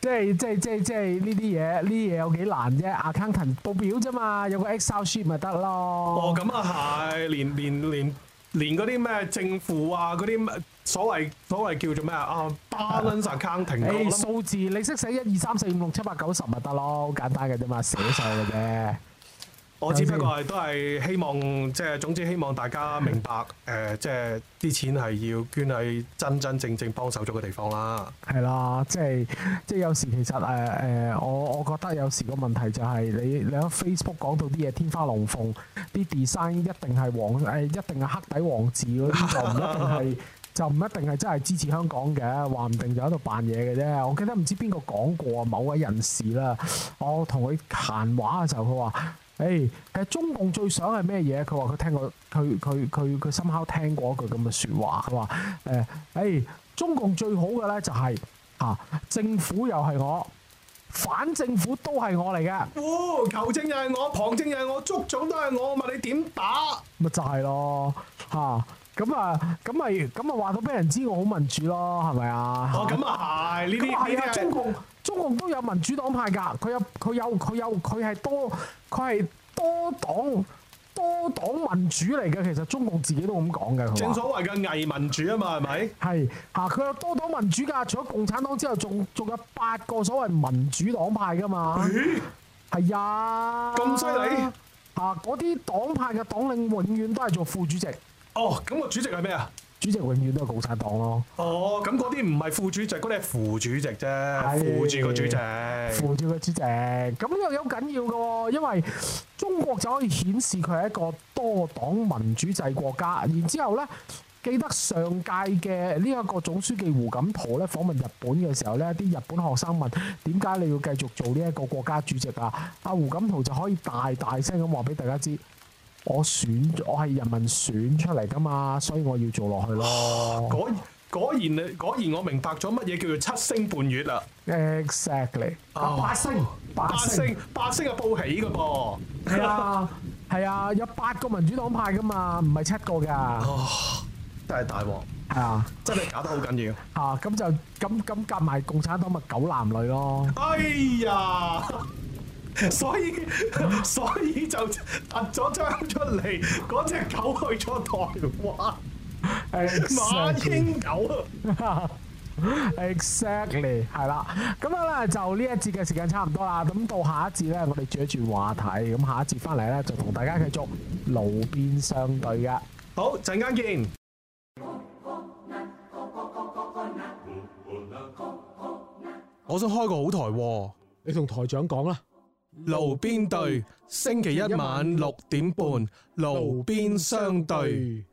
Speaker 2: 即係即係即係即係呢啲嘢，呢啲嘢有幾難啫？accountant 報表啫嘛，有個 Excel sheet 咪得咯。哦，咁啊
Speaker 1: 係，連連連連嗰啲咩政府啊嗰啲。那些所謂所謂叫做咩啊？balance accounting，誒數
Speaker 2: 字你識寫一二三四五六七八九十咪得咯，好簡單嘅啫嘛，寫晒嘅啫。
Speaker 1: 我只不過係都係希望，即係總之希望大家明白，誒、呃，即係啲錢係要捐喺真真正正幫手咗嘅地方啦。
Speaker 2: 係啦，即係即係有時其實誒誒、呃，我我覺得有時個問題就係你你喺 Facebook 講到啲嘢天花龍鳳，啲 design 一定係黃誒，一定係黑底黃字嗰啲就唔一定係。 就唔一定係真係支持香港嘅，話唔定就喺度扮嘢嘅啫。我記得唔知邊個講過啊，某位人士啦，我同佢閒話嘅時候，佢話：誒、hey，其實中共最想係咩嘢？佢話佢聽過，佢佢佢佢深刻聽過一句咁嘅説話，佢話：誒，誒，中共最好嘅咧就係、是、啊，政府又係我，反政府都係我嚟嘅。哦，球證又係我，旁證又係我，捉總都係我，我問你點打？咪就係咯，嚇、啊！咁、哦、啊，咁咪咁啊話到俾人知我好民主咯，係咪啊？咁啊，
Speaker 1: 係呢啲，係啊，中共
Speaker 2: 中共都有民主黨派噶，佢有佢有佢有佢係多佢係多黨多黨民主嚟嘅，其實中共自己都咁講嘅，正所
Speaker 1: 謂嘅偽民主啊嘛，係咪？係
Speaker 2: 佢有多黨民主噶，除咗共產黨之後，仲仲有八個所謂民主黨派噶嘛？咦？係啊，咁犀利啊！嗰啲黨派嘅黨領永遠都係做副主席。哦，咁個主席係咩啊？主席永遠都係共產黨咯。
Speaker 1: 哦，咁嗰啲唔係副主席，嗰啲係副主席
Speaker 2: 啫，副住個主席，副主個主席。咁呢個有緊要嘅，因為中國就可以顯示佢係一個多黨民主制國家。然之後呢，記得上屆嘅呢一個總書記胡錦濤咧訪問日本嘅時候呢，啲日本學生問點解你要繼續做呢一個國家主席啊？阿胡錦濤就可以大大聲咁話俾大家知。我選咗我係人民選出嚟㗎嘛，所以我要做落去咯。果
Speaker 1: 果然果然我明白咗乜嘢叫做七星半月啦。
Speaker 2: Exactly。八星
Speaker 1: 八星八星啊，報喜㗎噃。
Speaker 2: 係啊係啊，有八個民主黨派㗎嘛，唔係七個㗎。真係大鑊。係啊，真係搞得好緊要。嚇，咁就咁咁夾埋共產黨咪狗男女咯。哎呀！所以
Speaker 1: 所以就特咗張出嚟，嗰隻狗去咗台灣
Speaker 2: ，Exactly. 馬英九。Exactly，係啦，咁啊啦，就呢一節嘅時間差唔多啦，咁到下一節咧，我哋轉一轉話題，咁下一節翻嚟咧，就同大家繼續爐邊相對嘅。好，陣間見。
Speaker 1: 我想開個好台，
Speaker 2: 你同台長講啦。
Speaker 1: 爐邊對，星期一晚六點半，爐邊相對。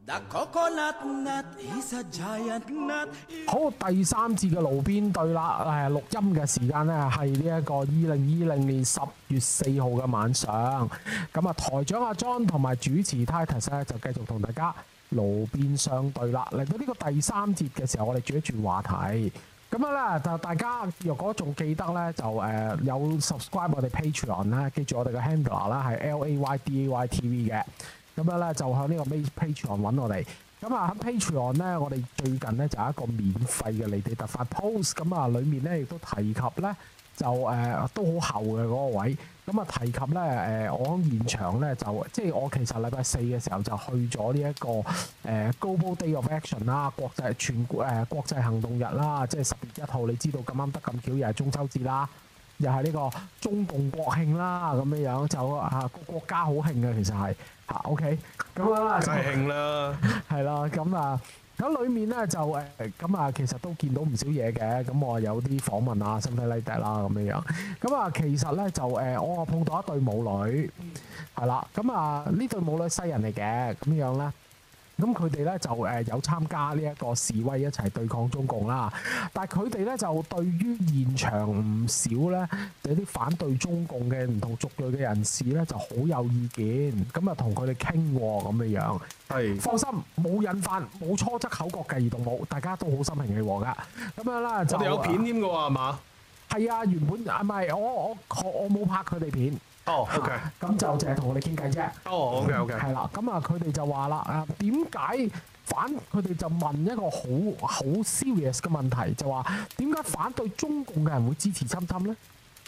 Speaker 1: 好，第
Speaker 2: 三節嘅爐邊對啦。誒，錄音嘅時間咧係呢一個二零二零年十月四號嘅晚上。咁啊，台長阿莊同埋主持 Titus 咧就繼續同大家爐邊相對啦。嚟到呢個第三節嘅時候，我哋轉一轉話題。咁樣啦，就大家若果仲記得咧，就、呃、有 subscribe 我哋 Patreon 咧，記住我哋嘅 handle 啦，係 L A Y D A Y T V 嘅。咁樣咧，就喺呢個 Patreon 揾我哋。咁啊，喺 Patreon 咧，我哋最近咧就有、係、一個免費嘅離地特發 post。咁啊，裡面咧亦都提及咧。就誒、呃、都好厚嘅嗰、那個位，咁啊提及咧誒、呃，我現現場咧就即係我其實禮拜四嘅時候就去咗呢一個誒、呃、Global Day of Action 啦，國際全誒國、呃、國際行動日啦，即係十月一號，你知道咁啱得咁巧又係中秋節啦，又係呢個中共國慶啦咁樣樣，就啊個國家好慶嘅其實係嚇，OK 咁樣啊，okay，就慶啦，係啦， 咁啊。咁裏面咧就咁啊，其實都見到唔少嘢嘅。咁我有啲訪問啊，身體 l e d e 啦咁樣樣咁啊，其實咧就我啊碰到一對母女，係啦、嗯。咁啊，呢對母女西人嚟嘅，咁樣咧。咁佢哋咧就誒有參加呢一個示威一齊對抗中共啦，但係佢哋咧就對於現場唔少咧有啲反對中共嘅唔同族類嘅人士咧就好有意見，咁啊同佢哋傾喎咁嘅樣。是放心，冇引發冇初則口角繼而動武，大家都好心平氣和噶。咁樣啦，我哋有片添㗎喎，係嘛吧？係啊，原本啊唔係我我我冇拍佢哋片。哦，OK，咁就就係同我哋傾偈啫。哦，OK，OK，係啦，咁啊，佢哋就話啦，啊點解反？佢哋就問一個好好 serious 嘅問題，就話點解反對中共嘅人會支持侵侵咧？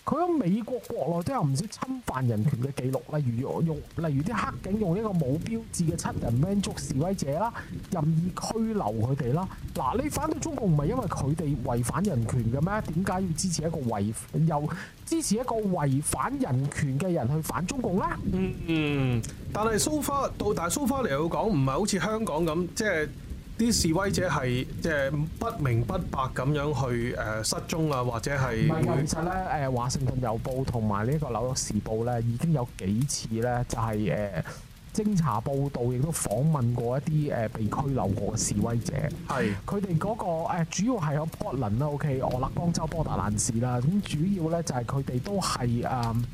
Speaker 2: 佢喺美國國內都有唔少侵犯人權嘅記錄，例如用例如啲黑警用一個冇標誌嘅七人 man 捉示威者啦，任意拘留佢哋啦。嗱，你反對中共唔係因為佢哋違反人權嘅咩？點解要支持一個違又支持一個違反人權嘅人去反中共啦，嗯
Speaker 1: 嗯，但係 so far 到大、so far，大係 so far 嚟講，唔係好似香港咁即係。就是啲示威者係即係不明不白咁樣去誒失蹤啊，或者係其實
Speaker 2: 咧誒《華盛頓郵報》同埋呢個《紐約時報》咧已經有幾次咧就係、是、誒偵查報道，亦都訪問過一啲誒被拘留過嘅示威者，係佢哋嗰個主要係有 Portland 啦。O.K. 俄勒岡州波特蘭市啦，咁主要咧就係佢哋都係誒。嗯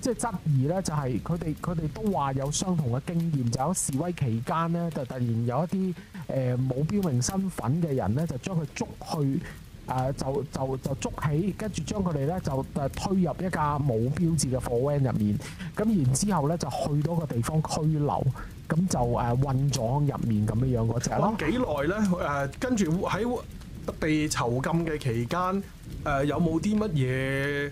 Speaker 2: 即係質疑咧，就係佢哋佢哋都話有相同嘅經驗，就喺、是、示威期間咧，就突然有一啲誒冇標明身份嘅人咧，就將佢捉去誒、呃，就就就，就捉起，跟住將佢哋咧就誒推入一架冇標誌嘅貨 van 入面，咁然之後咧就去到個地方拘留，咁就誒困咗入面咁樣樣嗰隻。困
Speaker 1: 幾耐咧？誒、呃，跟住喺被囚禁嘅期間，誒、呃、有冇啲乜嘢？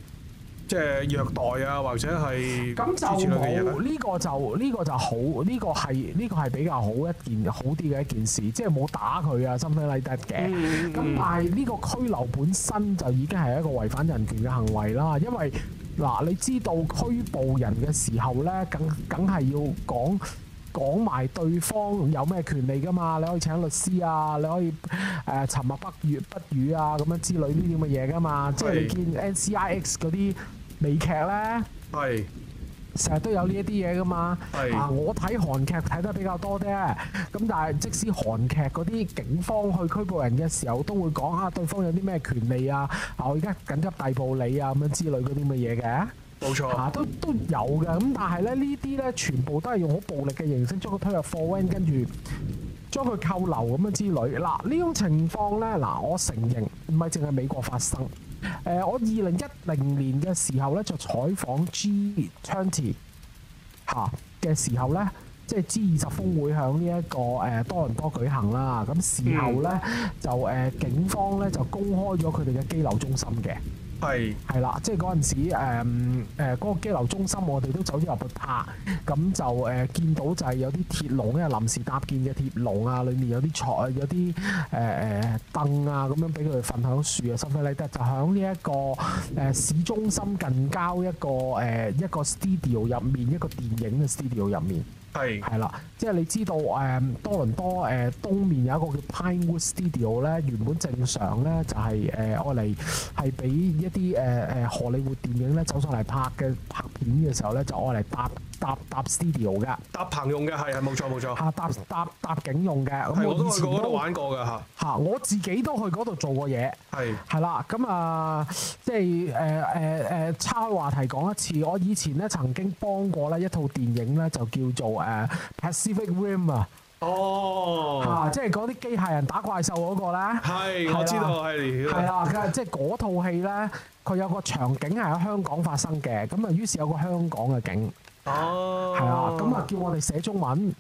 Speaker 1: 即係虐待啊，或者係咁就冇呢、
Speaker 2: 這個就呢、這個就好，呢、這個係呢、這個係比較好一件好啲嘅一件事，即係冇打佢啊，something like that 嘅。咁、嗯、但係呢個拘留本身就已經係一個違反人權嘅行為啦，因為嗱，你知道拘捕人嘅時候咧，梗梗係要講講埋對方有咩權利噶嘛，你可以請律師啊，你可以誒、呃、沉默不語不語啊咁樣之類呢啲咁嘅嘢噶嘛，是即係你見 N C I X 嗰啲。美劇呢，係成日都有呢一啲嘢噶嘛。是啊，我睇韓劇睇得比較多啲，咁但係即使韓劇嗰啲警方去拘捕人嘅時候，都會講下對方有啲咩權利啊。啊，我而家緊急逮捕你啊，咁樣之類嗰啲乜嘢嘅。冇錯，啊，都都有嘅。咁但係呢，呢啲呢，全部都係用好暴力嘅形式將佢推入貨艙，1, 跟住將佢扣留咁樣之類。嗱、啊、呢種情況呢，嗱、啊、我承認唔係淨係美國發生。誒、呃，我二零一零年嘅時候咧，就採訪 G Twenty 嚇嘅時候咧，即、就、係、是、G 二十峰會響呢一個誒、呃、多倫多舉行啦。咁事後咧，就誒、呃、警方咧就公開咗佢哋嘅羈留中心嘅。係係啦，即係嗰陣時誒誒嗰個機樓中心，我哋都走咗入去拍，咁就誒、呃、見到就係有啲鐵籠，因為臨時搭建嘅鐵籠啊，裡面有啲牀，有啲誒誒凳啊，咁樣俾佢哋瞓喺樹啊，心灰意冷，就喺呢一個誒市中心近郊一個誒、呃、一個 studio 入面，一個電影嘅 studio 入面。係係啦，即係你知道、嗯、多倫多誒、呃、東面有一個叫 Pinewood Studio 咧，原本正常咧就係誒愛嚟係俾一啲、呃呃、荷里活電影咧走上嚟拍嘅拍片嘅時候咧，就愛嚟搭。搭搭 studio 嘅，搭棚用嘅，係係冇錯冇錯吓。搭搭搭景用嘅，咁、嗯、我都我去嗰度玩過嘅吓吓。我自己都去嗰度做過嘢，係係啦。咁啊是、呃，即係誒誒誒，岔、呃、開、呃、話題講一次。我以前咧曾經幫過咧一套電影咧，就叫做誒 Pacific Rim 啊、哦。哦即係嗰啲機械人打怪獸嗰、那個咧係我知道係係啦，即係嗰套戲咧，佢有個場景係喺香港發生嘅。咁啊，於是有個香港嘅景。係啊，咁啊、oh。叫我哋寫中文。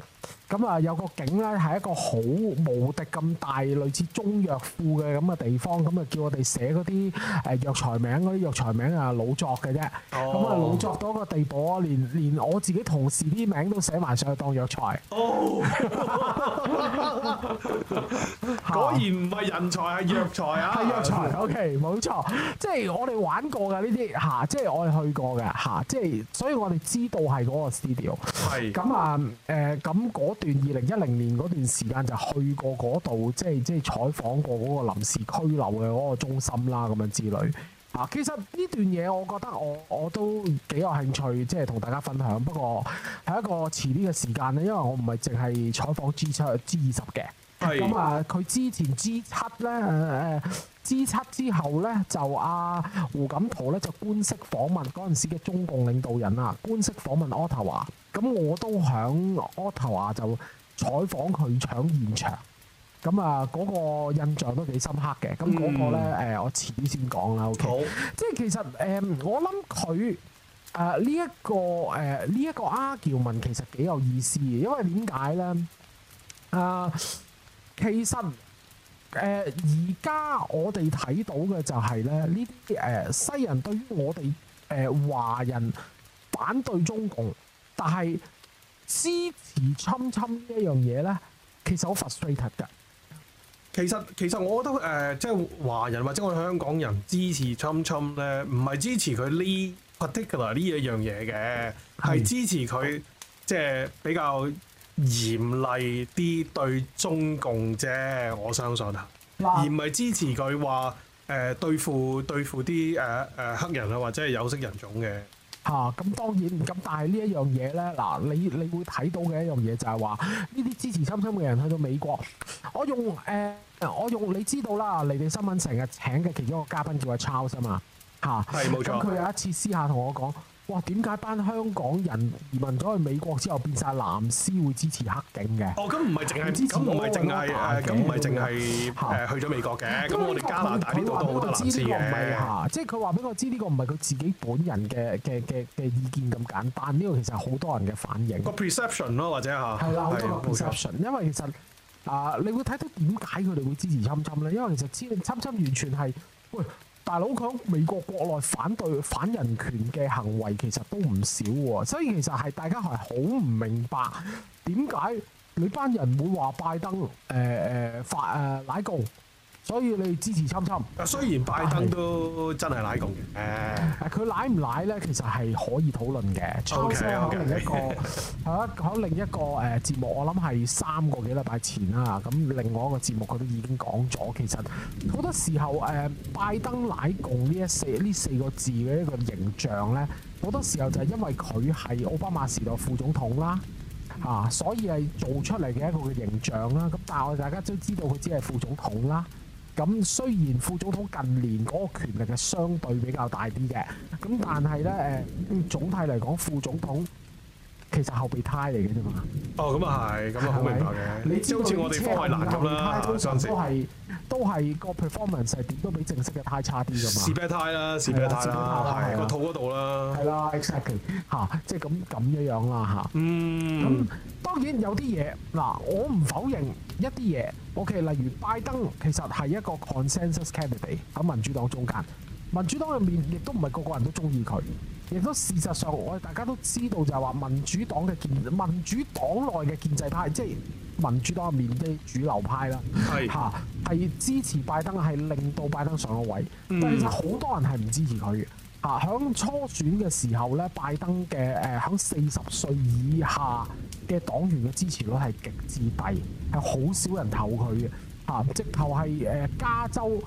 Speaker 2: 咁啊，有個景咧，係一個好無敵咁大，類似中藥庫嘅咁嘅地方，咁啊叫我哋寫嗰啲誒藥材名，嗰啲藥材名啊，老作嘅啫。哦，咁啊老作到一個地步啊，連連我自己同事啲名都寫埋上去當藥材。哦，果然唔係人才係藥材啊！係藥材。OK，冇錯，即係我哋玩過噶呢啲，嚇，即係我哋去過嘅，嚇，即係所以我哋知道係嗰個 studio。係。咁啊，誒，咁嗰。段二零一零年嗰段時間就去過嗰度，即係即係採訪過嗰個臨時拘留嘅嗰個中心啦，咁樣之類。啊，其實呢段嘢我覺得我我都幾有興趣，即係同大家分享。不過係一個遲啲嘅時間咧，因為我唔係淨係採訪 G 七 G 二十嘅。咁啊！佢之前 G7 咧誒誒 G7 之後咧，就阿胡錦濤咧就官式訪問嗰陣時嘅中共領導人啊，官式訪問渥太華。咁我都喺渥太華就採訪佢搶現場。咁啊，嗰個印象都幾深刻嘅。咁嗰個咧誒，我遲啲先講啦。O K，即係其實誒，我諗佢啊呢一個誒呢一個 argument 其實幾有意思嘅，因為點解咧啊？呃其實誒而家我哋睇到嘅就係咧呢啲誒西人對於我哋誒、呃、華人反對中共，但係支持侵侵呢一樣嘢咧，其實好 frustrated 嘅。
Speaker 1: 其實其實我覺得誒、呃，即係華人或者我哋香港人支持侵侵咧，唔係支持佢呢 particular 呢一樣嘢嘅，係是支持佢、嗯、即係比較。嚴厲啲對中共啫，我相信啊，而唔係支持佢話誒對付對付啲誒誒黑人啊或者係有色人種嘅
Speaker 2: 嚇，咁當然咁，但係呢一樣嘢咧嗱，你你會睇到嘅一樣嘢就係話呢啲支持深深嘅人去到美國，我用誒、呃、我用你知道啦，離地新聞成日請嘅其中一個嘉賓叫阿 Charles 啊嘛嚇，係冇錯，佢有一次私下同我講。哇！點解班香港人移民咗去美國之後，變晒藍絲會支持黑警嘅？哦，咁唔係淨係支持，唔係淨係咁唔係淨係去咗美國嘅。咁、啊啊、我哋加拿大呢度都好多藍絲嘅。嚇，即係佢話俾我知呢、呢個唔係佢自己本人嘅嘅嘅嘅意見咁簡單，呢個其實係好多人嘅反應。個 perception 咯，或者嚇。係啦的，好多 perception，錯因為其實啊，你會睇到點解佢哋會支持侵侵咧？因為其實侵侵完全係喂。大佬，佢講美國國內反對反人權嘅行為其實都唔少喎，所以其實係大家係好唔明白，點解你班人會話拜登誒誒、呃、發誒奶告。呃所以你支持侵侵？啊，雖然拜登都真係奶共嘅。佢奶唔奶呢？其實係可以討論嘅。講聲 Okay, okay, 另一個， 另一個誒節目，我諗係三個幾禮拜前啦。咁另外一個節目佢都已經講咗，其實好多時候誒、呃，拜登奶共呢一四呢四個字嘅一個形象呢，好多時候就係因為佢係奧巴馬時代副總統啦，嚇、啊，所以係做出嚟嘅一個嘅形象啦。咁但係大家都知道佢只係副總統啦。咁雖然副總統近年嗰個權力係相對比較大啲嘅，咁但係咧，誒總體嚟講，副總統。其實後備胎嚟嘅啫嘛。哦，咁
Speaker 1: 啊係，咁啊好明白嘅。你好似我哋方慧蘭咁啦，都係
Speaker 2: 都係個 performance 係點都比正式嘅胎差啲㗎嘛。試備胎啦，試備胎啦，係個肚嗰度啦。係啦，exactly 嚇，即係咁咁樣樣啦嚇。嗯。咁當然有啲嘢嗱，我唔否認一啲嘢。OK，例如拜登其實係一個 consensus candidate 喺民主黨中間，民主黨入面亦都唔係個個人都中意佢。亦都事實上，我哋大家都知道就係話民主黨嘅建民主黨內嘅建制派，即係民主黨嘅面啲主流派啦，嚇係是、啊、支持拜登，係令到拜登上個位。但係其實好多人係唔支持佢嘅嚇。喺、啊、初選嘅時候咧，拜登嘅誒喺四十歲以下嘅黨員嘅支持率係極之低，係好少人投佢嘅嚇。直頭係誒加州。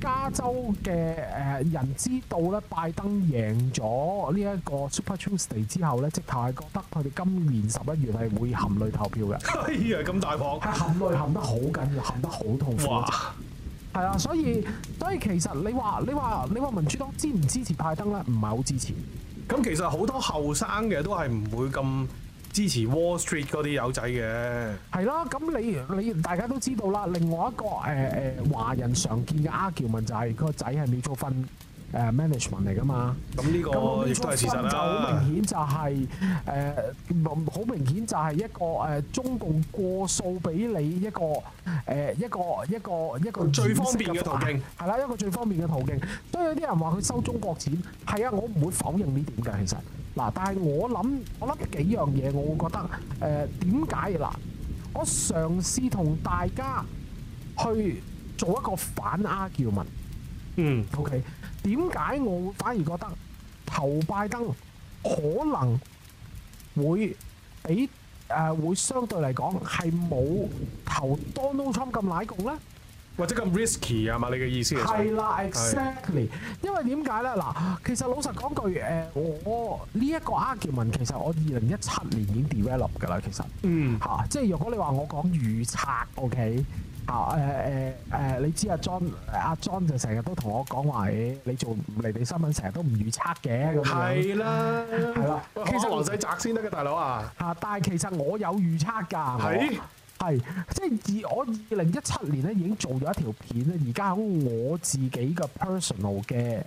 Speaker 2: 加州嘅誒、呃、人知道咧，拜登贏咗呢一個 Super Tuesday 之後咧，直頭係覺得佢哋今年十一月係會含淚投票嘅。係啊， 咁大鑊。係含淚含得好緊要， 含得好痛苦。哇！係啊，所以所以其實你話你話你話民主黨支唔支持拜登咧？唔係好支持。咁其實好多後生嘅都係唔
Speaker 1: 會咁。支持 Wall Street 嗰啲友仔嘅，
Speaker 2: 係咯，咁你你大家都知道啦。另外一個誒誒、呃、華人常見嘅 argument 就係、是那個仔係未做婚。誒、uh, management 嚟㗎嘛，咁呢個亦都係事實啦。好明顯就係、是、誒，好、呃、明顯就係一個誒、呃、中共過數俾你一個誒、呃、一個一個一個最方便嘅途徑係啦、啊啊，一個最方便嘅途徑。所以有啲人話佢收中國錢係啊，我唔會否認呢點㗎。其實嗱、啊，但係我諗我諗幾樣嘢，我會覺得誒點解嗱，我嘗試同大家去做一個反 argument。嗯，O K。點解我反而覺得投拜登可能會比誒、呃、會相對嚟講係冇投 Donald Trump 咁奶共咧？
Speaker 1: 或者咁 risky 啊嘛？你嘅意思係？係啦，exactly
Speaker 2: 的。因為點解咧？嗱，其實老實講句，誒，我呢一個 argument 其實我二零一七年已經 develop 噶啦，其實，嗯，吓、啊，即係如果你話我講預測，OK。啊，啊，啊，啊你知阿 John 阿、啊、John 就成日都同我講話，你做離地新聞成日都唔預測嘅。係啦，啦的，的其實黃世澤先得嘅，大佬啊！嚇，但係其實我有預測㗎。係的，係，即係、就是、我二零一七年咧已經做咗一條片咧，而家喺我自己嘅 personal 嘅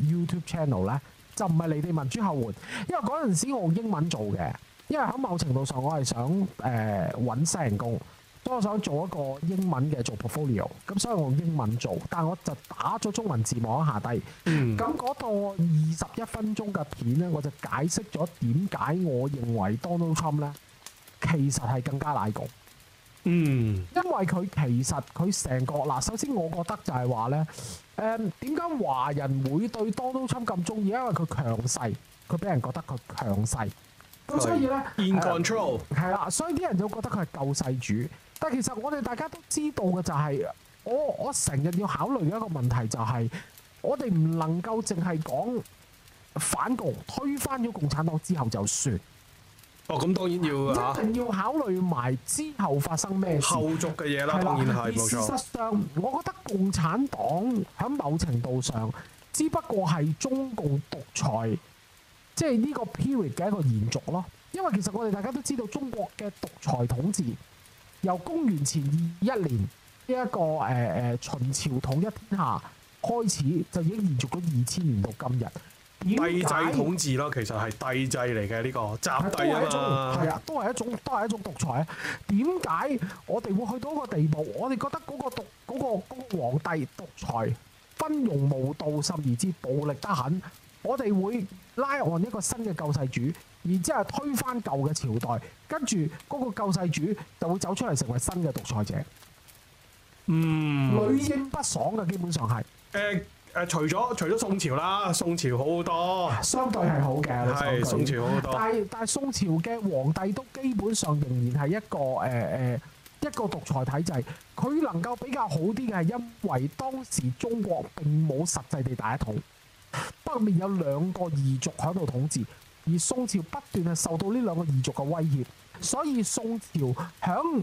Speaker 2: YouTube channel 咧，就唔係離地民主後援。因為嗰陣時我用英文做嘅，因為喺某程度上我係想誒揾、呃、西人工。當我想做一個英文嘅做 portfolio，咁所以我用英文做，但係我就打咗中文字幕喺下低。咁嗰個二十一分鐘嘅片咧，我就解釋咗點解我認為 Donald Trump 咧其實係更加奶共，嗯，因為佢其實佢成個嗱，首先我覺得就係話咧，誒點解華人會對 Donald Trump 咁中意？因為佢強勢，佢俾人覺得佢強勢，咁他所以咧。In control、嗯。係啦，所以啲人就覺得佢係救世主。但其實我哋大家都知道嘅就係，我我成日要考慮嘅一個問題就係，我哋唔能夠淨係講反共，推翻咗共產黨之後就算。哦。咁當然要一定要考慮埋之後發生咩後續嘅嘢啦。係，事實上，冇錯。我覺得共產黨喺某程度上，只不過係中共獨裁，即係呢個 period 嘅一個延續咯。因為其實我哋大家都知道，中國嘅獨裁統治。由公元前二一年呢一、這個誒誒、呃、秦朝統一天下開始，就已經延續咗二千年到今日帝制統
Speaker 1: 治咯。其實係帝制嚟嘅呢個集帝啊嘛，係啊，
Speaker 2: 都係一種都係一種獨裁啊。點解我哋會去到一個地步？我哋覺得嗰個獨、嗰個皇帝獨裁、昏庸無道，甚而之暴力得很。我哋會。拉岸一個新嘅救世主，然之後推翻舊嘅朝代，跟住嗰個救世主就會走出嚟成為新嘅獨裁者。嗯，屢應不爽嘅基本上係誒
Speaker 1: 誒，除咗除咗宋朝啦，宋朝好好多，相對係好嘅係、啊呃、說句宋朝好好
Speaker 2: 多，但係宋朝嘅皇帝都基本上仍然係一個誒誒、呃、一個獨裁體制，佢能夠比較好啲嘅係因為當時中國並冇實際地大一統。北面有兩個異族喺度統治，而宋朝不斷係受到呢兩個異族嘅威脅，所以宋朝響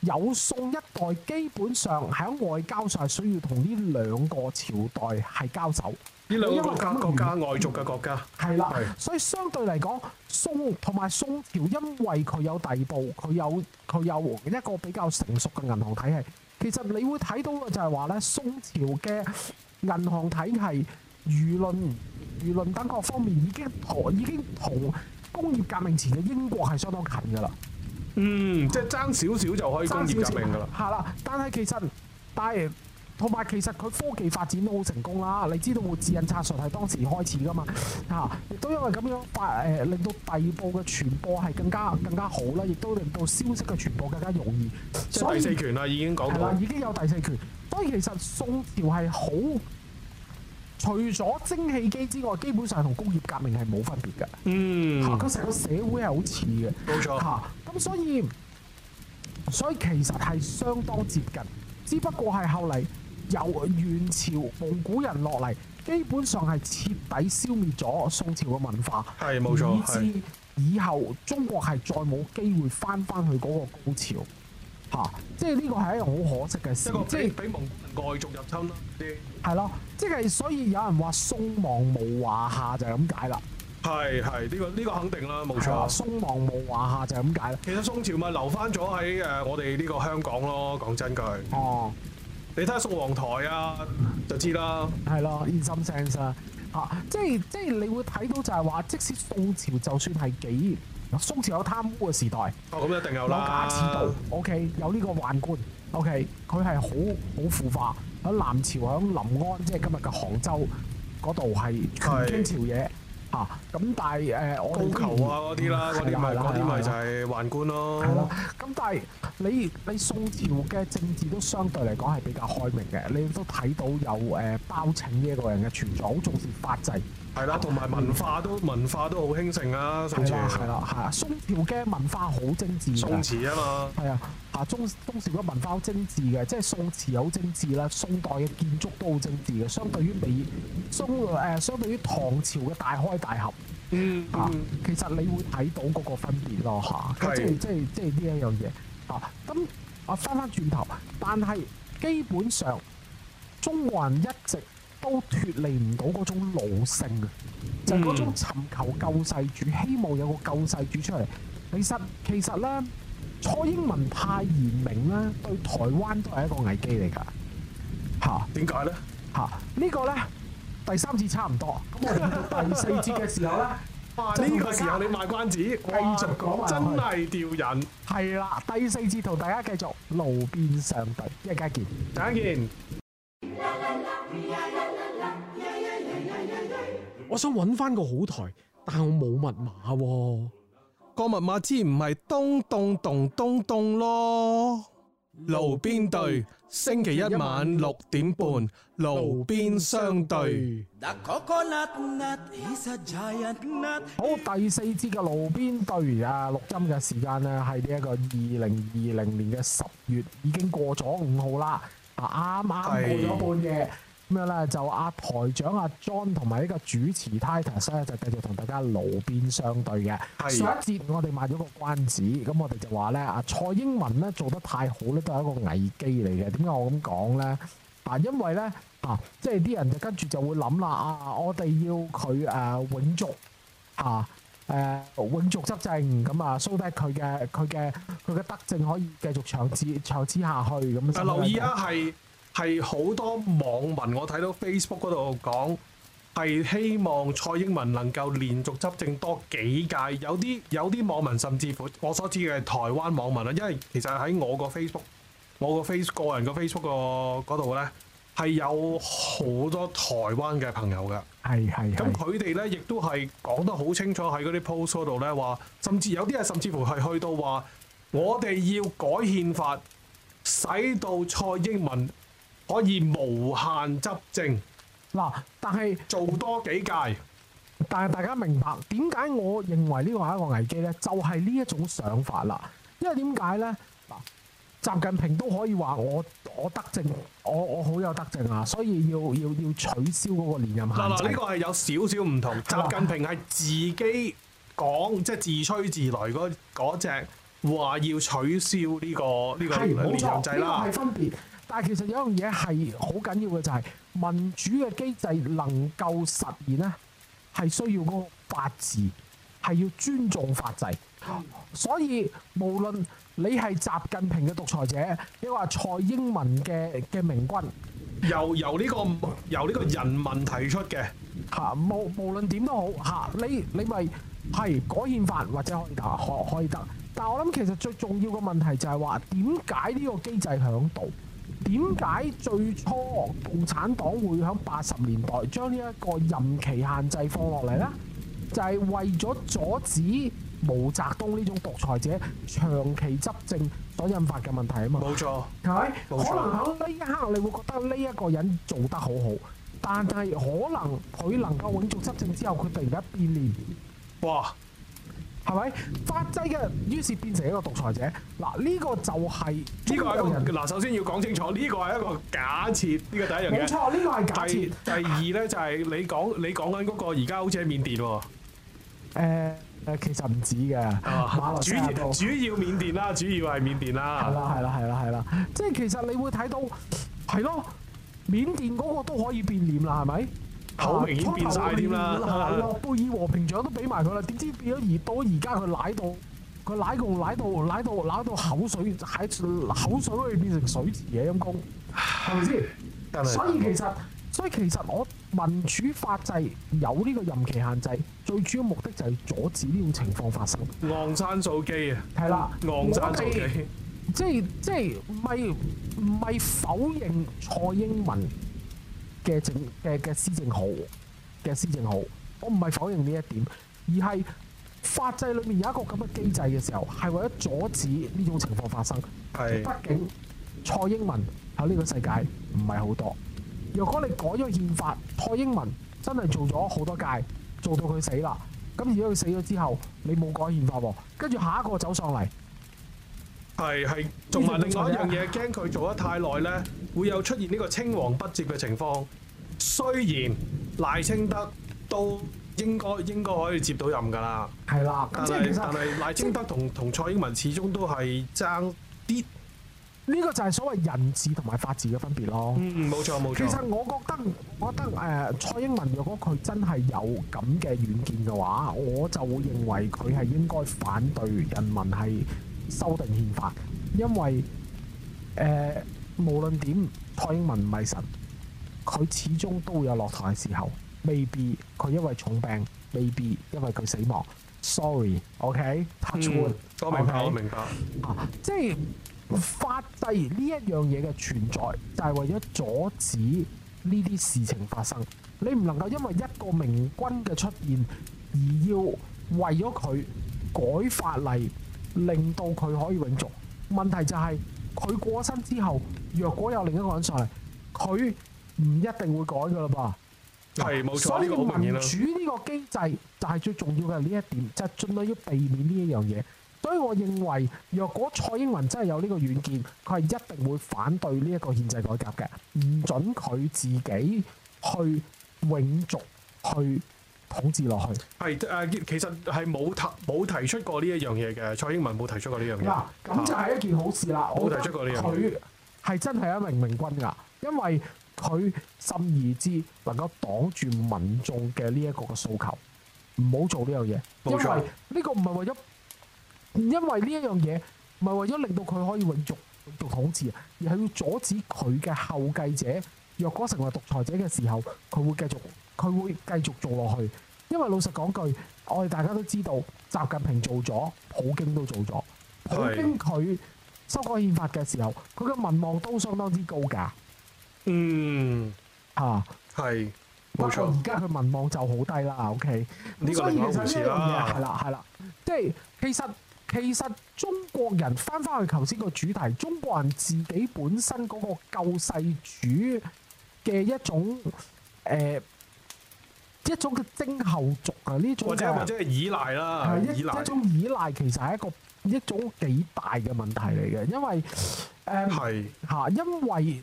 Speaker 2: 有宋一代，基本上喺外交上係需要同呢兩個朝代係交手，呢兩個國家，為國家外族嘅國家係啦，嗯、的所以相對嚟講，宋同埋宋朝，因為佢有第二步，佢有佢有一個比較成熟嘅銀行體系。其實你會睇到嘅就係話呢宋朝嘅銀行體系。輿論、輿論等各方面已經同已經同工業革命前嘅英國係相當近㗎啦。嗯，即係爭少少就可以工業革命㗎啦。係啦命，但係其實但係同埋其實佢科技發展都好成功啦。你知道活字印刷術係當時開始㗎嘛？嚇、啊，亦都因為咁樣發誒、呃、令到第二報嘅傳播係更加更加好啦，亦都令到消息嘅傳播更加容易。以第四
Speaker 1: 權啦、啊，已經講過。已
Speaker 2: 經有第四權。所以其實宋朝係好。除咗蒸汽機之外，基本上同工業革命係冇分別嘅。嗯，咁成、啊、個社會係好似嘅，冇錯。嚇、啊，咁所以，所以其實係相當接近，只不過係後嚟由元朝蒙古人落嚟，基本上係徹底消滅咗宋朝嘅文化，係冇錯。以至至 是以後中國係再冇機會翻翻去嗰個高潮。吓、啊，即係呢個係一樣好可惜嘅事，即係俾蒙
Speaker 1: 古人外族入侵啦。
Speaker 2: 係咯，即係所以有人話宋亡無華夏就係咁解啦。
Speaker 1: 係係，呢個呢個肯定啦，冇錯。宋
Speaker 2: 亡無華夏就係咁解啦。
Speaker 1: 其實宋朝咪留翻咗喺誒我哋呢個香港咯，講真句。哦，你睇下宋皇台啊，就知啦。
Speaker 2: 係咯。in some sense 啦，吓，即係即係你會睇到就係話，即使宋朝就算係幾宋朝有貪污嘅時代。哦，咁、
Speaker 1: 嗯、一定有啦。假制
Speaker 2: 度，OK，有呢個宦官，OK，佢係好好腐化。喺南朝，喺臨安，即係今日嘅杭州嗰度係傾朝嘢啊！咁但係誒，高俅啊嗰啲啦，嗰啲咪嗰啲咪就係
Speaker 1: 宦官咯。係咯，
Speaker 2: 咁但係你你宋朝嘅政治都相對嚟講係比較開明嘅，你都睇到有誒包拯呢一個人嘅存在，好重視法制。
Speaker 1: 係啦，同埋文化都文化都好興盛啊！宋朝係啦，
Speaker 2: 係啊，宋朝嘅文化好精緻。宋詞啊嘛。係啊。啊，中中朝嘅文化好精緻嘅，即係宋詞又好精緻啦，宋代嘅建築都好精緻嘅，相對於美中誒、啊，相對於唐朝嘅大開大合，嗯，嚇、啊，嗯、其實你會睇到嗰個分別咯，吓、嗯，即係即係即係呢一樣嘢啊。咁是、就是就是、啊，翻翻轉頭，但係基本上，中國人一直都脫離唔到嗰種奴性啊，就係、是、嗰種尋求救世主，嗯、希望有個救世主出嚟。其實其實咧。蔡英文太言明啦，對台灣都係一個危機嚟噶，
Speaker 1: 吓，點解咧？吓
Speaker 2: 呢、啊，這個咧第三次差唔多，咁我嚟到第四節嘅時候咧，呢、 啊、個時候你
Speaker 1: 賣關子，繼
Speaker 2: 續講，真係吊人。係啦，第四節同大家繼續爐邊上台，一陣間見，見我想揾翻個好台，但我冇密碼、哦。
Speaker 1: 個密碼字唔係東東東東東咯，爐邊對，星期一晚六點半，爐邊相
Speaker 2: 對。好，第四集嘅爐邊對啊，錄音嘅時間呢，係呢一個二零二零年嘅十月，已經過咗五號啦，啊，啱啱過咗半夜。咁樣咧？就阿、啊、台長阿、啊、John 同埋呢個主持 Titus 咧，就繼續同大家爐邊相對嘅。的上一節我哋賣咗個關子，咁我哋就話咧啊，蔡英文咧做得太好咧，都係一個危機嚟嘅。點解我咁講咧？啊，因為咧啊，即係啲人就跟住就會諗啦啊，我哋要佢誒、啊、永續啊誒、啊、永續執政，咁啊，收得佢嘅佢嘅佢嘅德政可以繼續長治長治下去咁。啊，留意啊，係。
Speaker 1: 係好多網民，我睇到 Facebook 嗰度講係希望蔡英文能夠連續執政多幾屆。有啲有啲網民甚至乎我所知嘅台灣網民啦，因為其實喺我個 Facebook、我個 Face 個人嘅 Facebook 嗰度呢，係有好多台灣嘅朋友嘅，
Speaker 2: 係係。咁
Speaker 1: 佢哋呢，亦都係講得好清楚喺嗰啲 post 嗰度呢，話，甚至有啲係甚至乎係去到話，我哋要改憲法，使到蔡英文。可以無限執政嗱，但係是做
Speaker 2: 多幾屆，但係大家明白點解我認為呢個係一個危機咧？就係、是、呢一種想法啦。因為點解咧？嗱，習近平都可以話我我德政，我我好有德政啊，所以要要要取消嗰個連任限制。嗱呢個
Speaker 1: 係有少少唔同。習近平係自己講，即係自吹自擂嗰嗰隻話要取消呢、這個呢、這個連任制啦。冇錯，呢個係分
Speaker 2: 別。但係其實有樣嘢係好緊要嘅，就係、是、民主嘅機制能夠實現呢，係需要嗰個法治係要尊重法制。所以無論你係習近平嘅獨裁者，你話蔡英文嘅嘅明君，
Speaker 1: 由、呢個、由呢個由呢個人民提出嘅
Speaker 2: 嚇，無無論點都好嚇，你你咪係改憲法或者可以得可以得。但係我諗其實最重要嘅問題就係話點解呢個機制喺度？點解最初共產黨會喺八十年代將呢一個任期限制放落嚟呢？就係為咗阻止毛澤東呢種獨裁者長期執政所引發嘅問題啊嘛。冇錯，係咪？冇錯。可能喺呢一刻你會覺得呢一個人做得好好，但係可能佢能夠穩住執政之後，佢突然間變臉。哇！係咪法制嘅？於是變成一個獨裁者。嗱、啊，呢、呢個就係
Speaker 1: 呢個係一個人嗱，首先要講清楚，呢個係一個假設，呢個第一樣嘢。冇錯，呢個係假設。第，第二咧就係、是、你講你講緊嗰個現在、哦，而家好似喺緬甸喎。
Speaker 2: 誒誒，其實唔止嘅、啊。主要主
Speaker 1: 要緬甸啦，主要係緬甸啦。係啦係啦
Speaker 2: 係啦係啦，即係其實你會睇到係咯，緬甸嗰個都可以變臉啦，係咪？好明顯變曬添啦！諾貝爾和平獎都俾埋佢啦，點 知變咗而多而家佢賴到佢賴共賴到賴到賴到，到口水喺口水可以變成水池嘢陰功，係咪先？ 所以其實所以其實我民主法制有呢個任期限制，最主要目的就係阻止呢種情況發生。昂
Speaker 1: 山素姬啊！係啦，昂山素姬，
Speaker 2: 即係即係唔係唔係否認蔡英文嘅政嘅嘅施政好嘅施政好，我唔係否認呢一點，而係法制裏面有一個咁嘅機制嘅時候，係為咗阻止呢種情況發生。係是。畢竟蔡英文喺呢個世界唔係好多。若果你改咗憲法，蔡英文真係做咗好多屆，做到佢死啦。咁如果佢死咗之後，你冇改憲法，跟住下一個走上嚟，係
Speaker 1: 係。同埋另外一樣嘢，驚佢做得太耐咧，會有出現呢個青黃不接嘅情況。雖然賴清德都應該應該可以接到任㗎喇，係啦的。但係是但是賴清德同同即蔡英文始終都係爭啲，
Speaker 2: 呢個就係所謂人治同埋法治嘅分別咯。嗯，冇錯冇錯。錯其實我覺得我覺得誒、呃、蔡英文如果佢真係有咁嘅遠見嘅話，我就會認為佢係應該反對人民係修訂憲法，因為誒、呃、無論點蔡英文唔係神。佢始終都會有落台嘅時候，未必佢因為重病，未必因為佢死亡。Sorry，OK，Touch wood。嗯，我明白，我明白啊，即係法例呢一樣嘢嘅存在就係為咗阻止呢啲事情發生。你唔能夠因為一個明君嘅出現而要為咗佢改法例，令到佢可以永續。問題就係佢過身之後，若果有另一個人上嚟，佢。唔一定會改噶嘞噃，
Speaker 1: 係冇錯。呢個好明顯啦。所以個民主
Speaker 2: 呢個機制就係最重要嘅呢一點，就係盡量要避免呢一樣嘢。所以我認為，若果蔡英文真係有呢個軟件，佢係一定會反對呢一個憲制改革嘅，唔准佢自己去永續去統治落去。
Speaker 1: 係誒，其實係冇提冇提出過呢一樣嘢嘅，蔡英文冇提出過呢、啊、樣嘢。
Speaker 2: 咁就係一件好事啦。冇、啊、提出過呢樣，佢係真係一名明君噶，因為。佢甚而之能夠擋住民眾嘅呢一個嘅訴求，唔好做呢樣嘢，因為呢個唔係為咗，因為呢一樣嘢唔係為咗令到佢可以永續永續統治啊，而係要阻止佢嘅後繼者若果成為獨裁者嘅時候，佢會繼續佢會繼續做落去。因為老實講句，我哋大家都知道，習近平做咗，普京都做咗。普京佢修改憲法嘅時候，佢嘅的民望都相當之高㗎。嗯，吓係、啊，冇錯，而家佢民望就好低啦。O K，呢個唔好意思係啦係啦，即係其實，像其，實其實中國人翻翻去頭先個主題，中國人自己本身嗰個救世主嘅一種誒、呃，一種嘅蒸後族啊呢種、就是、或者或者
Speaker 1: 係依賴啦，係一種
Speaker 2: 依賴，其實係一個一種幾大嘅問題嚟嘅，因為誒吓，因為。呃是的 因為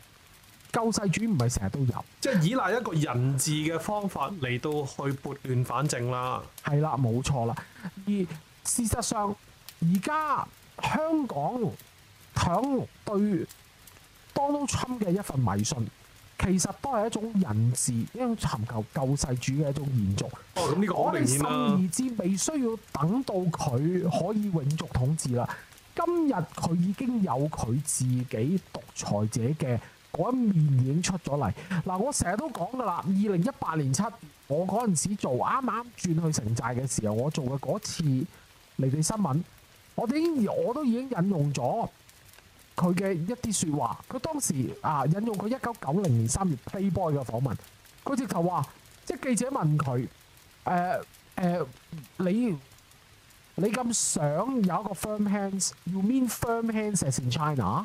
Speaker 2: 救世主唔係成日都有，
Speaker 1: 即係依賴一個人治嘅方法嚟到去撥亂反正啦。
Speaker 2: 係啦，冇錯啦。而事實上，而家香港響對 Donald Trump 嘅一份迷信，其實都係一種人治，一種尋求救世主嘅一種延續。咁呢、哦、個好明顯啦、啊。甚至未需要等到佢可以永續統治啦。今日佢已經有佢自己獨裁者嘅。我一面已經出咗嚟，嗱，我成日都講噶啦，二零一八年七，我嗰陣時做啱啱轉去城寨嘅時候，我做嘅嗰次離地新聞，我點我都已經引用咗佢嘅一啲説話。佢當時啊，引用佢一九九零年三月《Playboy》嘅訪問，佢直頭話，即係記者問佢，誒、呃、誒、呃，你你咁想有一個 firm hands，you mean firm hands as in China？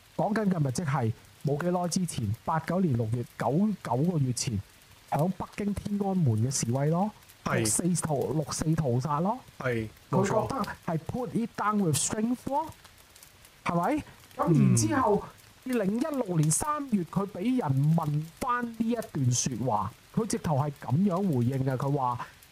Speaker 2: 講緊嘅咪即係冇幾耐之前，八九年六月九九個月前，喺北京天安門嘅示威咯，係四屠六四屠殺咯，佢覺得係 put it down with strength，係咪？咁然、嗯、之後，二零一六年三月，佢俾人問翻呢一段說話，佢直頭係咁樣回應嘅，佢話。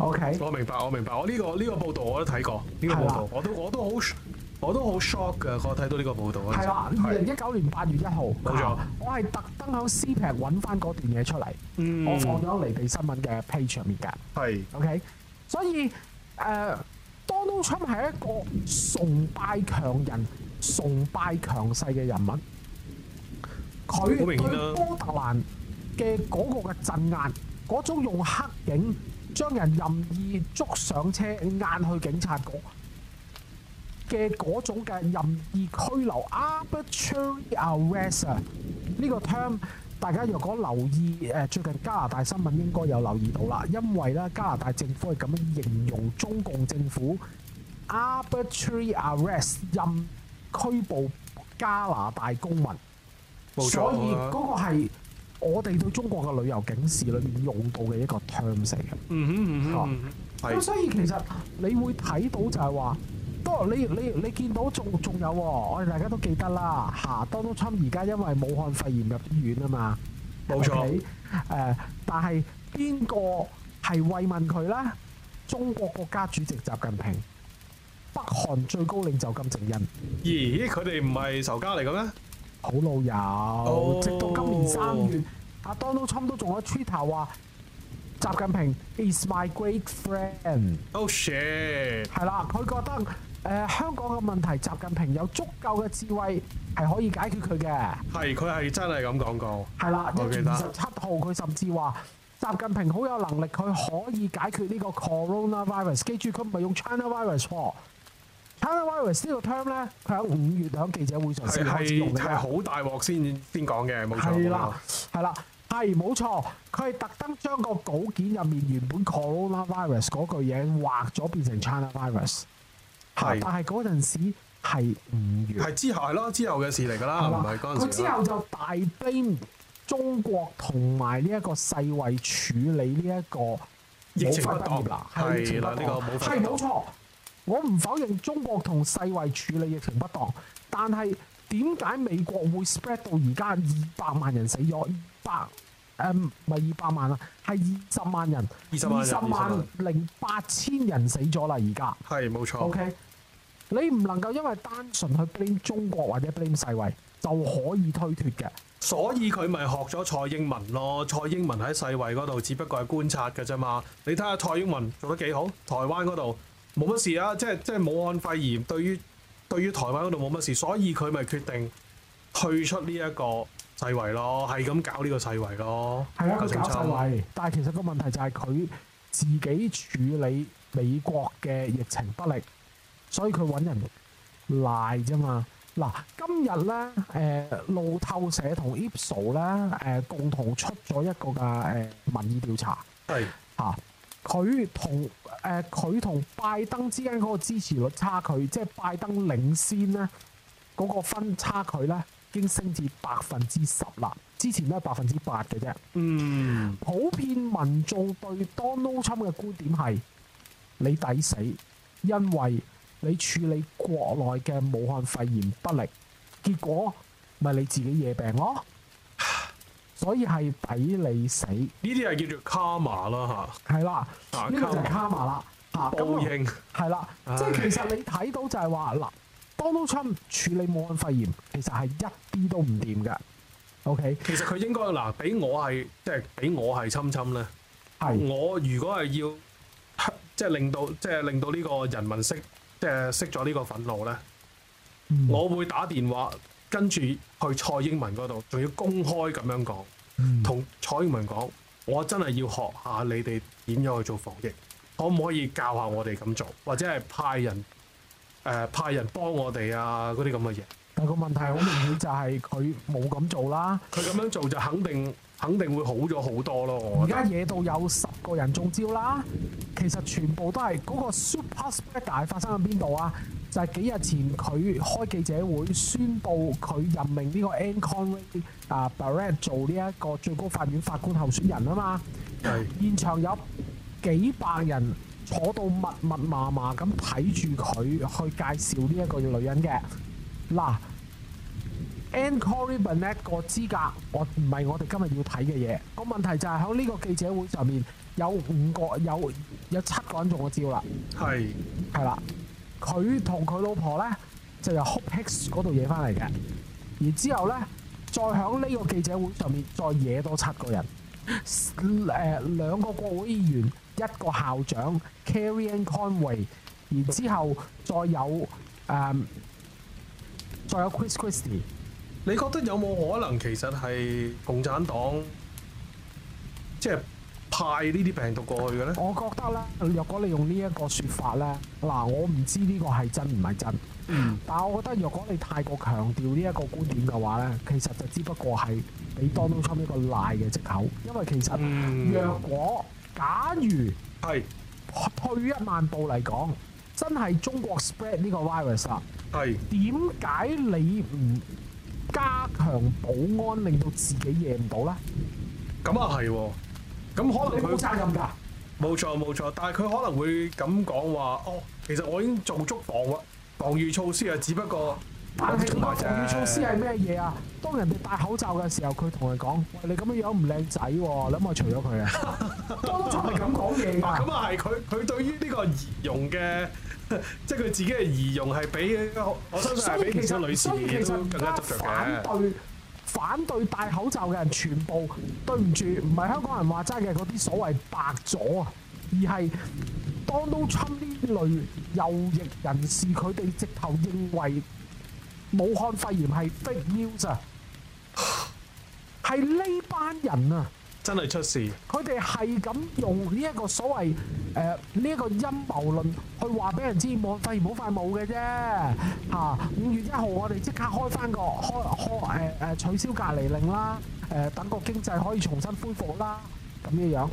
Speaker 2: O Okay , K，我
Speaker 1: 明白，我明白，我呢、這個呢、這個報道我、這個啊、我都睇過，呢個報道我都我都好我都好 shock 嘅，我睇到呢個報道。係二零一
Speaker 2: 九年八月一號。冇錯，嗯，我係特登喺 CPAC 揾翻嗰段嘢出嚟，我放咗離地新聞嘅 page 上面㗎。係，O K。Okay? 所以誒、呃、Donald Trump 係一個崇拜強人、崇拜強勢嘅人物。佢，好明顯啦。對波特蘭嘅嗰個嘅鎮壓，嗰種用黑影。將人任意捉上車押去警察局嘅嗰種嘅任意拘留，arbitrary arrest，呢個 term，大家若果留意誒，最近加拿大新聞應該有留意到啦，因為咧加拿大政府係咁樣形容中共政府 arbitrary arrest，任意拘捕加拿大公民，所以嗰個係。我哋對中國嘅旅遊警示裏面用到嘅一個 term 嘅，嚇、嗯，咁好是所以其實你會睇到就係話，嗯、哼都你你你見到仲仲有，我哋大家都記得啦，嚇，Donald Trump 而家因為武漢肺炎入醫院啊嘛，冇錯，誒、okay? 呃，但係邊個係慰問佢咧？中國國家主席習近平，北韓最高領袖金正恩，咦、欸？佢
Speaker 1: 哋唔係仇家嚟嘅咩？
Speaker 2: 好老友，oh, 直到今年三月，阿、oh. Donald Trump 都仲有出 twitter 話：習近平 He's my great friend。Oh shit！係啦，佢覺得、呃、香港嘅問題，習近平有足夠嘅智慧係可以解決佢嘅。
Speaker 1: 係，佢係真係咁講過。係啦，一月十七
Speaker 2: 號佢甚至話：習近平好有能力，佢可以解決呢個 corona virus。記住佢唔係用 China virus 喎。China virus 呢個 term 咧，佢喺五月喺記者會上先開始用嘅。係好
Speaker 1: 大鑊先先講嘅，冇錯。係啦，
Speaker 2: 係啦，係冇錯。佢係特登將個稿件入面原本 coronavirus 嗰句嘢，畫咗變成 China virus。係，但係嗰陣時係五月。係之
Speaker 1: 後係咯，之後嘅事嚟㗎啦，唔係嗰陣時。佢之後
Speaker 2: 就大 blame 中國同埋呢一個世衞處理呢一個
Speaker 1: 疫情不當，係啦，呢個係冇
Speaker 2: 錯。我唔否認中國同世衛處理疫情不當，但係點解美國會 spread 到而家二百萬人死咗百誒，唔係二百萬啊？係二十萬人，二十萬，二十萬，二十萬零八千人死咗啦。而家係冇錯。O.K. 的你唔能夠因為單純去 blame 中國或者 blame 世衛就可以推脫嘅，
Speaker 1: 所以佢咪學咗蔡英文咯？蔡英文喺世衛嗰度只不過係觀察嘅啫嘛。你睇下蔡英文做得幾好，台灣嗰度。冇乜事啊，即係即係冇案肺炎，對於對於台灣嗰度冇乜事，所以佢咪決定退出呢一個世衛咯，係咁搞呢個世衛咯。
Speaker 2: 係啊的，佢搞了世衛，但係其實個問題就係佢自己處理美國嘅疫情不力，所以佢揾人賴啫嘛。嗱，今日咧，誒路透社同 IPSO 咧，誒共同出咗一個嘅誒民意調查，係啊是，佢同。佢同、呃、拜登之間嗰個支持率差距，即係拜登領先呢嗰、嗰個分差距呢，已經升至百分之十啦。之前都係咧百分之八嘅啫。嗯，普遍民眾對 Donald Trump 嘅觀點係你抵死，因為你處理國內嘅武漢肺炎不力，結果咪、就是、你自己惹病咯。所以係抵你死，
Speaker 1: 呢啲係叫做卡嘛啦嚇。係啦、啊，呢個就係卡嘛啦嚇。
Speaker 2: 報應係啦，即係、哎就是、其實你睇到就係話嗱，Donald Trump 處理武漢肺炎其實係一啲都唔掂㗎。OK，其實
Speaker 1: 佢應該嗱俾我係即係俾我係侵侵咧。係的，我如果係要即係、就是、令到即係、就是、令到呢個人民識即係識咗呢個憤怒咧，嗯、我會打電話。跟住去蔡英文嗰度，仲要公開咁樣講，同、嗯、蔡英文講，我真係要學下你哋點樣去做防疫，可唔可以教下我哋咁做，或者係派人誒、呃、派人幫我哋啊嗰啲咁嘅嘢？
Speaker 2: 但個問題好明顯就係佢冇咁做啦，佢咁樣做就肯定。肯定會好
Speaker 1: 咗好多咯！而家
Speaker 2: 惹到有十個人中招啦，其實全部都係嗰個 Super Spreader 發生喺邊度啊？就係、是、幾日前佢開記者會宣佈佢任命呢個 Amy Coney 啊、uh, Barrett 做呢一個最高法院法官候選人啊嘛，是現場有幾百人坐到密密麻麻咁睇住佢去介紹呢一個女人嘅嗱。啊 a N n Corbyn 咧，個資格。不是我，唔係我哋今日要睇嘅嘢。個問題就係喺呢個記者會上面有五個，有有七個人中咗招啦。係是，係啦。佢同佢老婆咧就由 Hope 又哭吃嗰度惹翻嚟嘅。而之後咧，再響呢個記者會上面再惹多七個人。誒，兩個國會議員，一個校長 Carrie a n n Conway，然之後再有誒、嗯，再有 Chris Christie。
Speaker 1: 你覺得有冇可能其實係共產黨即係派呢啲病毒過去嘅咧？我覺
Speaker 2: 得啦，若果你用這說呢一個説法咧，嗱，我唔知呢個係真唔係真，嗯、但係我覺得若果你太過強調呢一個觀點嘅話咧，其實就只不過係俾 Trump 一個賴嘅藉口，嗯、因為其實若果假如係退一萬步嚟講，是真係中國 spread 呢個 virus 啊，係點解你唔？加強保安，令到自己贏唔到啦，
Speaker 1: 咁啊係，咁
Speaker 2: 可能佢冇責任
Speaker 1: 㗎。冇錯冇錯，但係佢可能會咁講話，哦，其實我已經做足防喇，防禦措施啊，只不過。反興粵語措施係咩
Speaker 2: 嘢啊？ 當人哋戴口罩嘅時候，佢同人講：你咁、哦、 樣樣唔靚仔喎，諗下除咗佢啊！
Speaker 1: 當場咁講嘢咁啊係佢佢對於呢個儀容嘅，即係佢自己嘅儀容係比，我相信係比其他女士更加執著。所以其實,所以其實反對
Speaker 2: 反對戴口罩嘅人，全部對唔住，唔係香港人話齋嘅，佢啲所謂白左啊，而係當勞侵呢類右翼人士，佢哋直頭認為。武漢肺炎係 fake news 啊！係 呢班人啊，
Speaker 1: 真係出事。
Speaker 2: 佢哋係咁用呢一個所謂誒呢一個陰謀論去話俾人知，武漢肺炎好快冇嘅啫。啊，五月一號我哋即刻開翻個開開誒誒、呃、取消隔離令啦，誒、呃、等個經濟可以重新恢復啦，咁嘅樣。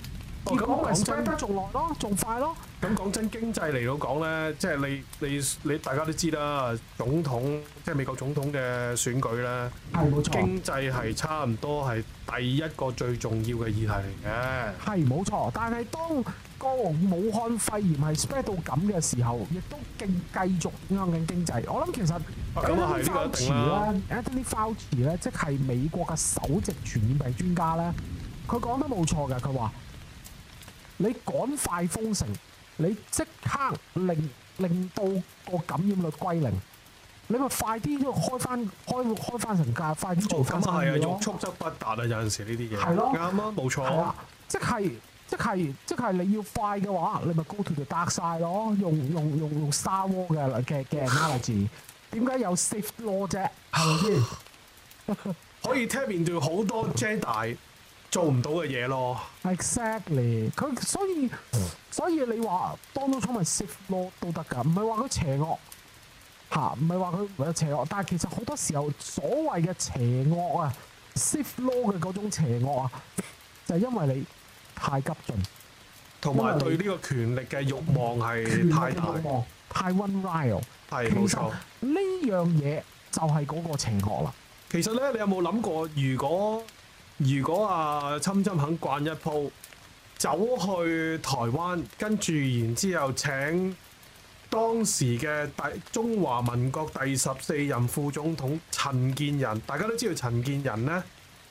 Speaker 2: 咁講、哦、真，得仲耐咯，仲快咯。咁講真，經濟
Speaker 1: 嚟到講咧，即係你你你，你大家都知啦，總統即係美國總統嘅選舉咧，經濟係差唔多係第一個最重要
Speaker 2: 嘅議題嚟嘅。係冇錯，但係當國王武漢肺炎係 spread 到咁嘅時候，亦都勁繼續影響緊經濟。我諗其實咁 Anthony Fauci 咧，即係美國嘅首席傳染病專家咧，佢講得冇錯㗎。佢話。你趕快封城，你即刻令令到個感染率歸零，你咪快啲開翻開開翻神界，快啲做翻，咁啊係啊，欲速則
Speaker 1: 不達啊！有陣時呢啲嘢，啱啱
Speaker 2: 咯，冇錯。即係即係即係你要快嘅話，你咪高調就達晒咯，用用用用 Star Wars 嘅嘅嘅拉字，點解有 safe law 啫？ 係咪先？
Speaker 1: 可以 take 面對好多 Jedi 做唔到嘅嘢咯
Speaker 2: ，exactly 佢所以所以你話當到寵物 safe law 都得噶，唔係話佢邪惡吓，唔係話佢邪惡，但係其實好多時候所謂嘅邪惡啊 safe law 嘅嗰種邪惡啊，就係、是、因為你太急進，同埋還有 對呢
Speaker 1: 個權力嘅欲望係太大，
Speaker 2: 太 one rail 係冇錯呢樣嘢就係嗰個邪惡啦。
Speaker 1: 其實咧錯，你有冇諗過如果？如果啊，侵侵肯逛一鋪，走去台灣，跟住然之後請當時嘅第中華民國第十四任副總統陳建仁，大家都知道陳建仁呢，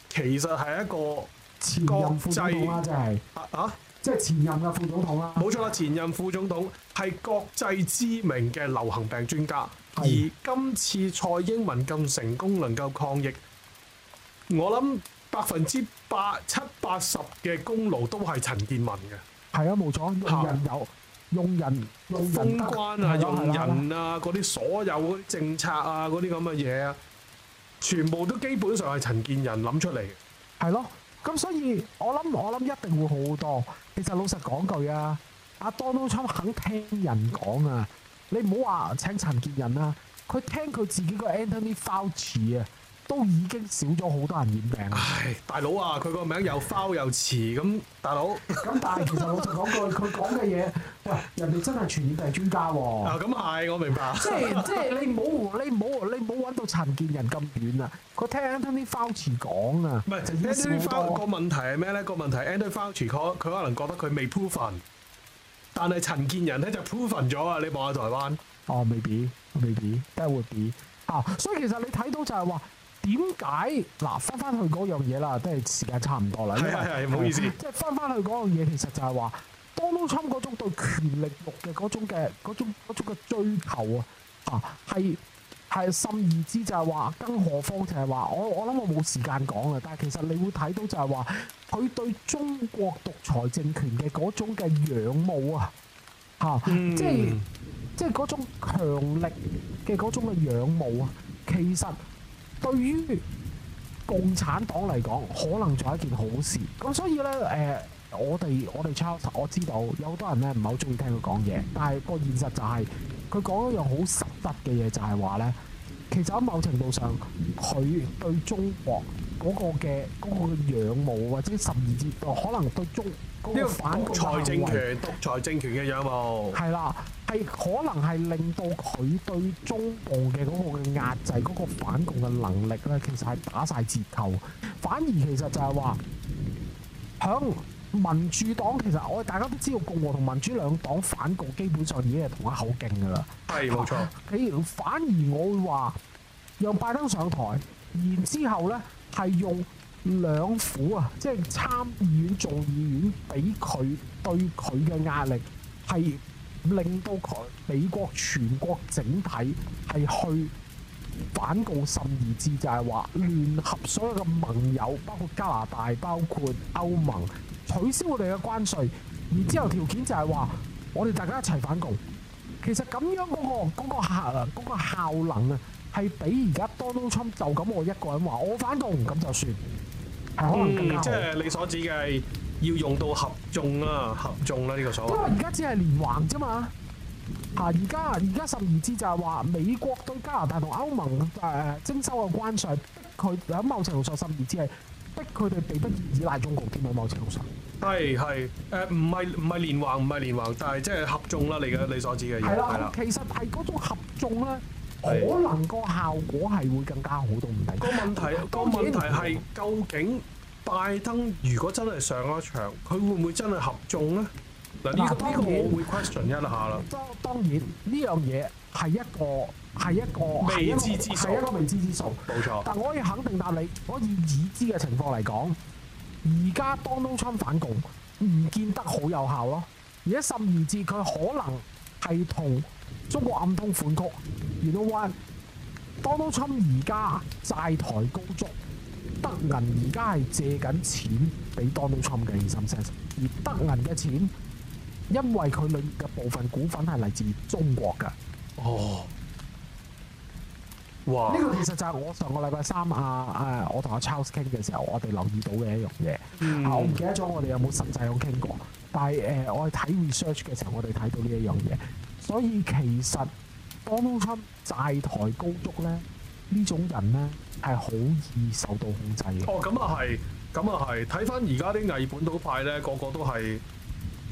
Speaker 1: 其實係一個前任副總統、啊就是啊、
Speaker 2: 即係前任嘅副總統啊？
Speaker 1: 冇錯啦，前任副總統係國際知名嘅流行病專家，的而今次蔡英文咁成功能夠抗疫，我諗。百分之八七八十嘅功勞都係陳建文
Speaker 2: 嘅，係啊冇錯，用人有、啊、用人
Speaker 1: 封關啊，用人啊啲所有啲政策啊嗰啲咁嘅嘢啊，全部都基本上係陳建仁諗出嚟嘅，
Speaker 2: 係咯、啊。咁所以我諗我諗一定會好好多。其實老實講句啊，阿 Donald Trump 肯聽人講啊，你唔好話請陳建仁啊，佢聽佢自己個 Anthony Fauci 啊。都已經少咗好多人染病。唉，
Speaker 1: 大佬啊，佢個名又 foul 又
Speaker 2: 遲咁，大佬。咁但係其實我就講句，佢講嘅嘢，人哋真係傳染病專家喎、啊哦。啊，咁係，我明白即是。 即係即係你唔好，你唔好，你唔好揾到陳建仁咁遠啊！佢聽啲 Anthony Fauci 講啊。唔係，Andrew Fauci 個
Speaker 1: 問題係咩咧？個問題 Andrew Fauci 佢可能覺得佢未 proven，但係陳建仁呢就 proven 咗啊！你望
Speaker 2: 下台灣。哦、oh，maybe，maybe，that would be。啊，所以其實你睇到就係話。點解嗱翻翻去嗰樣嘢啦，都係時間差唔多啦。係、係吧、係，唔好意思。即係翻翻去嗰樣嘢，其實就係話 Donald Trump 嗰種對權力慾嘅嗰種嘅嗰種嗰種嘅追求啊，啊係係甚而之就係話，更何況就係話，我我諗我冇時間講啦。但係其實你會睇到就係話，佢對中國獨裁政權嘅嗰種嘅仰慕啊，吓、嗯，即係即係嗰種強力嘅嗰種嘅仰慕啊，其實。對於共產黨嚟講，可能做一件好事。咁所以呢，誒、呃，我哋我哋 Charles 我知道有好多人呢唔係好中意聽佢講嘢，但係個現實就係佢講一樣好實質嘅嘢，就係、係、話呢，其實喺某程度上，佢對中國嗰個嘅嗰、嗰個仰慕或者十二節度，可能對中。呢個反共財政權、
Speaker 1: 獨裁政權嘅樣貌
Speaker 2: 係啦，係可能係令到佢對中部嘅嗰個嘅壓制、嗰個反共嘅能力咧，其實係打晒折扣。反而其實就係話，響民主黨其實我哋大家都知道，共和同民主兩黨反共基本上已經係同一口徑噶啦。係冇錯。佢、啊、反而我會話，讓拜登上台，然之後咧係用。兩府啊，即係參議院、眾議院，俾佢對佢嘅壓力係令到佢美國全國整體係去反共，甚而至就係話聯合所有嘅盟友，包括加拿大、包括歐盟，取消我哋嘅關稅。然之後條件就係話我哋大家一齊反共。其實咁樣嗰個嗰個效啊，嗰個效能啊，係比而家 Donald Trump 就咁我一個人話我反共咁就算。可能好，即係、嗯就是、
Speaker 1: 你所指嘅係要用到合縱啦、啊，合縱啦呢個所謂。而家
Speaker 2: 只係連橫啫嘛，吓、啊、而家而家甚而至就係話美國對加拿大同歐盟誒、呃、徵收嘅關稅，逼佢有啲貿易戰同在甚而至係逼佢哋被迫依賴中國啲冇貿易戰。
Speaker 1: 係係誒，唔係唔係連橫唔係連橫，但係即係合縱啦、啊，你嘅你所指
Speaker 2: 嘅。係啦，其實係嗰種合縱啊。可能個效果係會更加好都唔定。個
Speaker 1: 問題，個問題係究竟拜登如果真係上咗場，佢會唔會真係合眾咧？嗱，呢個，呢個呢個我會 question 一下啦。當
Speaker 2: 當然呢樣嘢係一個係一個未知之數，係一個未知之數，冇錯。但我可以肯定答你，可以已知嘅情況嚟講，而家 Donald Trump 反共唔見得好有效咯。而家甚至佢可能係同，中國暗通款曲，而到話 Donald Trump 而家債台高築，德銀而家係借緊錢俾 Donald Trump 嘅 i n s u r a n e 而德銀嘅錢因為佢裏邊嘅部分股份係嚟自中國嘅哦，哇呢個其實就係我上個禮拜三啊，誒我同阿 Charles 傾嘅時候，我哋留意到嘅一樣嘢、嗯啊，我唔記得咗我哋有冇實際咁傾過，但係誒、呃、我哋睇 research 嘅時候，我哋睇到呢一樣嘢。所以其實當級債台高築咧，呢種人咧係好易受到控制嘅。哦，
Speaker 1: 咁啊係，咁啊係。睇翻而家啲偽本土派咧，個個都係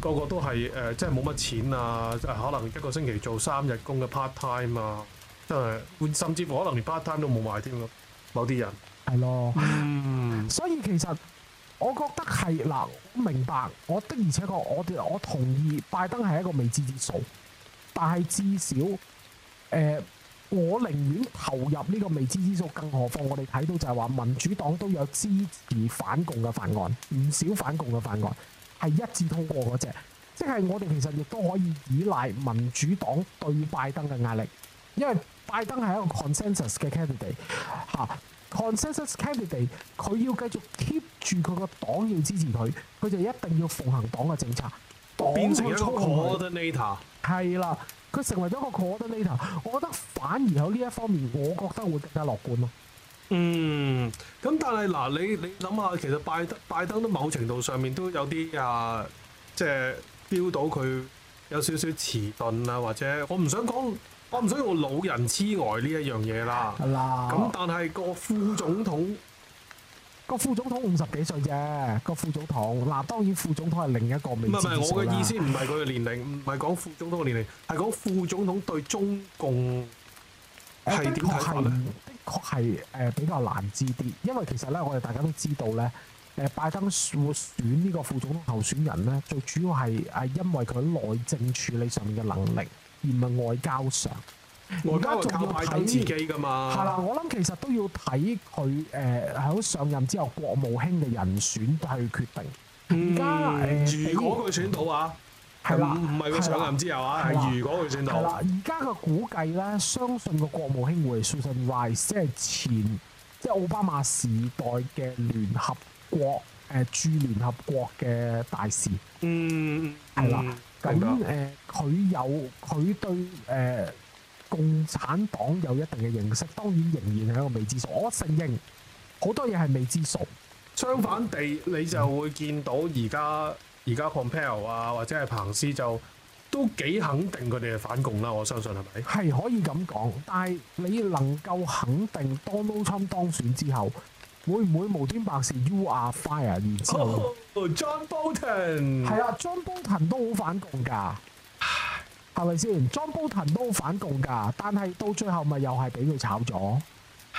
Speaker 1: 個個都係誒、呃，即係冇乜錢啊，即係可能一個星期做三日工嘅 part time 啊，即係甚至乎可能連 part time 都冇埋添
Speaker 2: 咯。某啲人係咯，嗯，所以其實我覺得係嗱，我明白我的，而且確我我同意拜登係一個未知之數。但係至少、呃，我寧願投入呢個未知之數。更何況我哋睇到就係話民主黨都有支持反共嘅法案，唔少反共嘅法案係一致通過嗰隻，即、就、係、是、我哋其實亦都可以依賴民主黨對拜登嘅壓力，因為拜登係一個 consensus 嘅、啊、cons candidate consensus candidate 佢要繼續 keep 住佢個黨要支持佢，佢就一定要奉行黨嘅政策。變成一個
Speaker 1: coordinator，
Speaker 2: 係啦，佢成為咗個 coordinator，我覺得反而有呢一方面，我覺得會更加樂觀咯。嗯，
Speaker 1: 咁但係嗱，你你諗下，其實拜登拜登都某程度上面都有啲啊，即係 feel 到佢有少少遲鈍啊，或者我唔想講，我唔想用老人痴呆呢一樣嘢啦。咁係啦，但係個副
Speaker 2: 總統。個副總統五十幾歲啫，個副總統嗱，當然副總統係另一個未知數。唔係，唔係，唔係我嘅意思唔係佢嘅
Speaker 1: 年齡，唔係講副總統嘅年齡，係講副
Speaker 2: 總統對中共係點睇？的確係誒比較難知啲，因為其實咧，我哋大家都知道咧，誒拜登會選呢個副總統候選人咧，最主要係係因為佢內政處理上面嘅能力，而唔係外交上。而家仲要等自己噶嘛？係啦，我諗其實都要睇佢誒喺上任之後國務卿嘅人選去決定。而家在、呃、如果佢
Speaker 1: 選到啊，係啦、嗯，唔係佢的上任之後啊，如果佢選到。
Speaker 2: 而家嘅估計咧，相信個國務卿會係 Susan Rice 即係前即、就是、奧巴馬時代嘅聯合國誒、呃、駐聯合國嘅大使。」嗯，係啦。咁誒，佢有佢對、呃共產黨有一定嘅認識，當然仍然係一個未知數。我承認好多嘢係未知數。
Speaker 1: 相反地，你就會見到而家而家 Pompeo 啊，或者係彭斯就都幾肯定佢哋係
Speaker 2: 反共啦。我相信係咪？係可以咁講，但係你能夠肯定 Donald Trump 當選之後，會唔會無端白事？You are fired！然後，John Bolton 係啊，John Bolton 都好反共㗎。係咪先？John Bolton 都反共噶，但係到最後咪又係俾佢炒咗？唉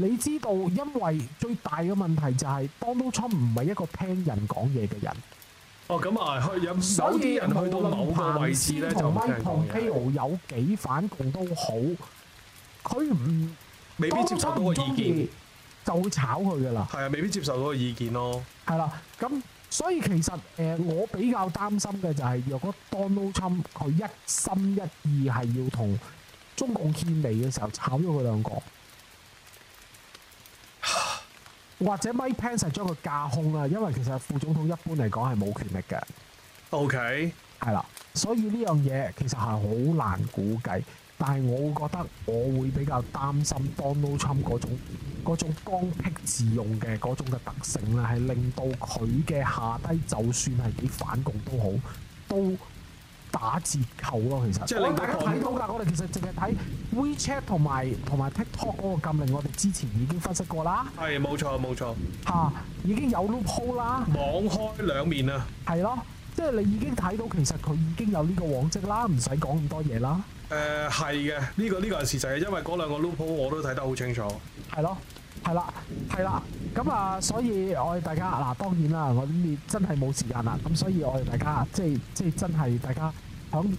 Speaker 2: 你知道，因為最大嘅問題就係 Donald Trump 唔係一個聽人講嘢嘅人。
Speaker 1: 哦，咁、嗯、啊，去有有啲人去到某個位置咧，彭彭，就唔聽嘅。同 Pence
Speaker 2: 有幾反共都好，佢唔未必接受到個意見，就會炒佢噶啦。
Speaker 1: 係啊，未必接受到個意見咯。
Speaker 2: 係啦，咁。所以其實誒我比較擔心嘅就係，若果 Donald Trump 佢一心一意係要同中共獻媚嘅時候，炒咗佢兩個，或者 Mike Pence 將佢架空啦，因為其實副總統一般嚟講係冇權力嘅。OK，係啦，所以呢樣嘢其實係好難估計。但係我會覺得，我會比較擔心 Donald Trump 嗰種嗰種剛愎自用嘅嗰種嘅特性咧，係令到佢嘅下低就算係幾反共都好，都打折扣咯。其實即係令大家睇到啦，我哋其實淨係睇 WeChat 同埋同埋 TikTok 嗰個禁令，我哋之前已經分析過啦。係冇錯冇錯嚇，錯錯已經有 loop hole 啦，網開兩面啊！係咯，即係你已經睇到，其實佢已經有呢個往績啦，唔使講咁多嘢啦。
Speaker 1: 誒，係嘅、呃，呢、這個呢、這個係事實啊，因為嗰兩個 loophole 我都睇得好清楚。
Speaker 2: 係咯，係啦，係啦，咁啊、嗯，所以我哋大家嗱，當然啦，我哋真係冇時間啦，咁所以我哋大家即係即係真係大家響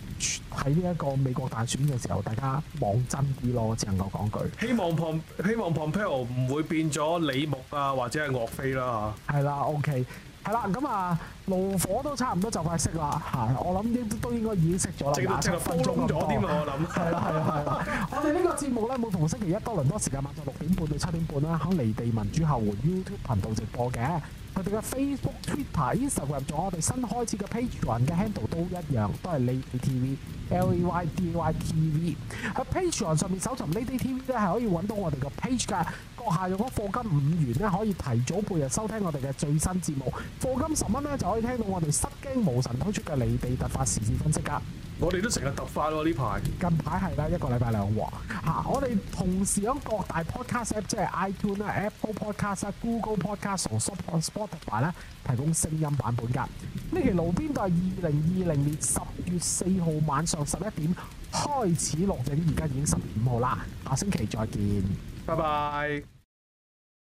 Speaker 2: 喺呢一個美國大選嘅時候，大家望真啲咯，只能夠講句。
Speaker 1: 希望 Pom, 希望 Pompeo 唔會變咗李木啊，或者係岳飛啦、
Speaker 2: 啊。係啦，OK。係啦，咁啊，爐火都差唔多就快熄啦，吓，我諗都都應該已經熄咗啦，啊到，收工咗添啊，我
Speaker 1: 諗。係啦係
Speaker 2: 啦係啦，我哋呢個節目咧，每逢星期一多倫多時間，晚上六點半到七點半啦，喺離地民主後援 YouTube 頻道直播嘅。佢哋嘅 Facebook、book, Twitter instagram 仲我哋新開始嘅 Page One 嘅 Handle 都一樣，都係 leytv、leydytv 喺 Page One 上面搜尋 l d y t v 咧，係可以揾到我哋嘅 page 噶。閣下用個貨金五元咧，可以提早半日收聽我哋嘅最新節目；貨金十蚊咧，就可以聽到我哋失驚無神推出嘅離地突發時事分析噶。我哋都成日突翻咯，呢排、近排係啦，一個禮拜兩話、啊、我哋同時響各大 podcast app，即係 iTune 啦、Apple Podcast、Google Podcast 同 Spotify 同埋咧，提供聲音版本㗎。呢期爐邊就係二零二零年十月四號晚上十一點開始錄製，而家已經十五號啦。下星期再見，拜
Speaker 1: 拜。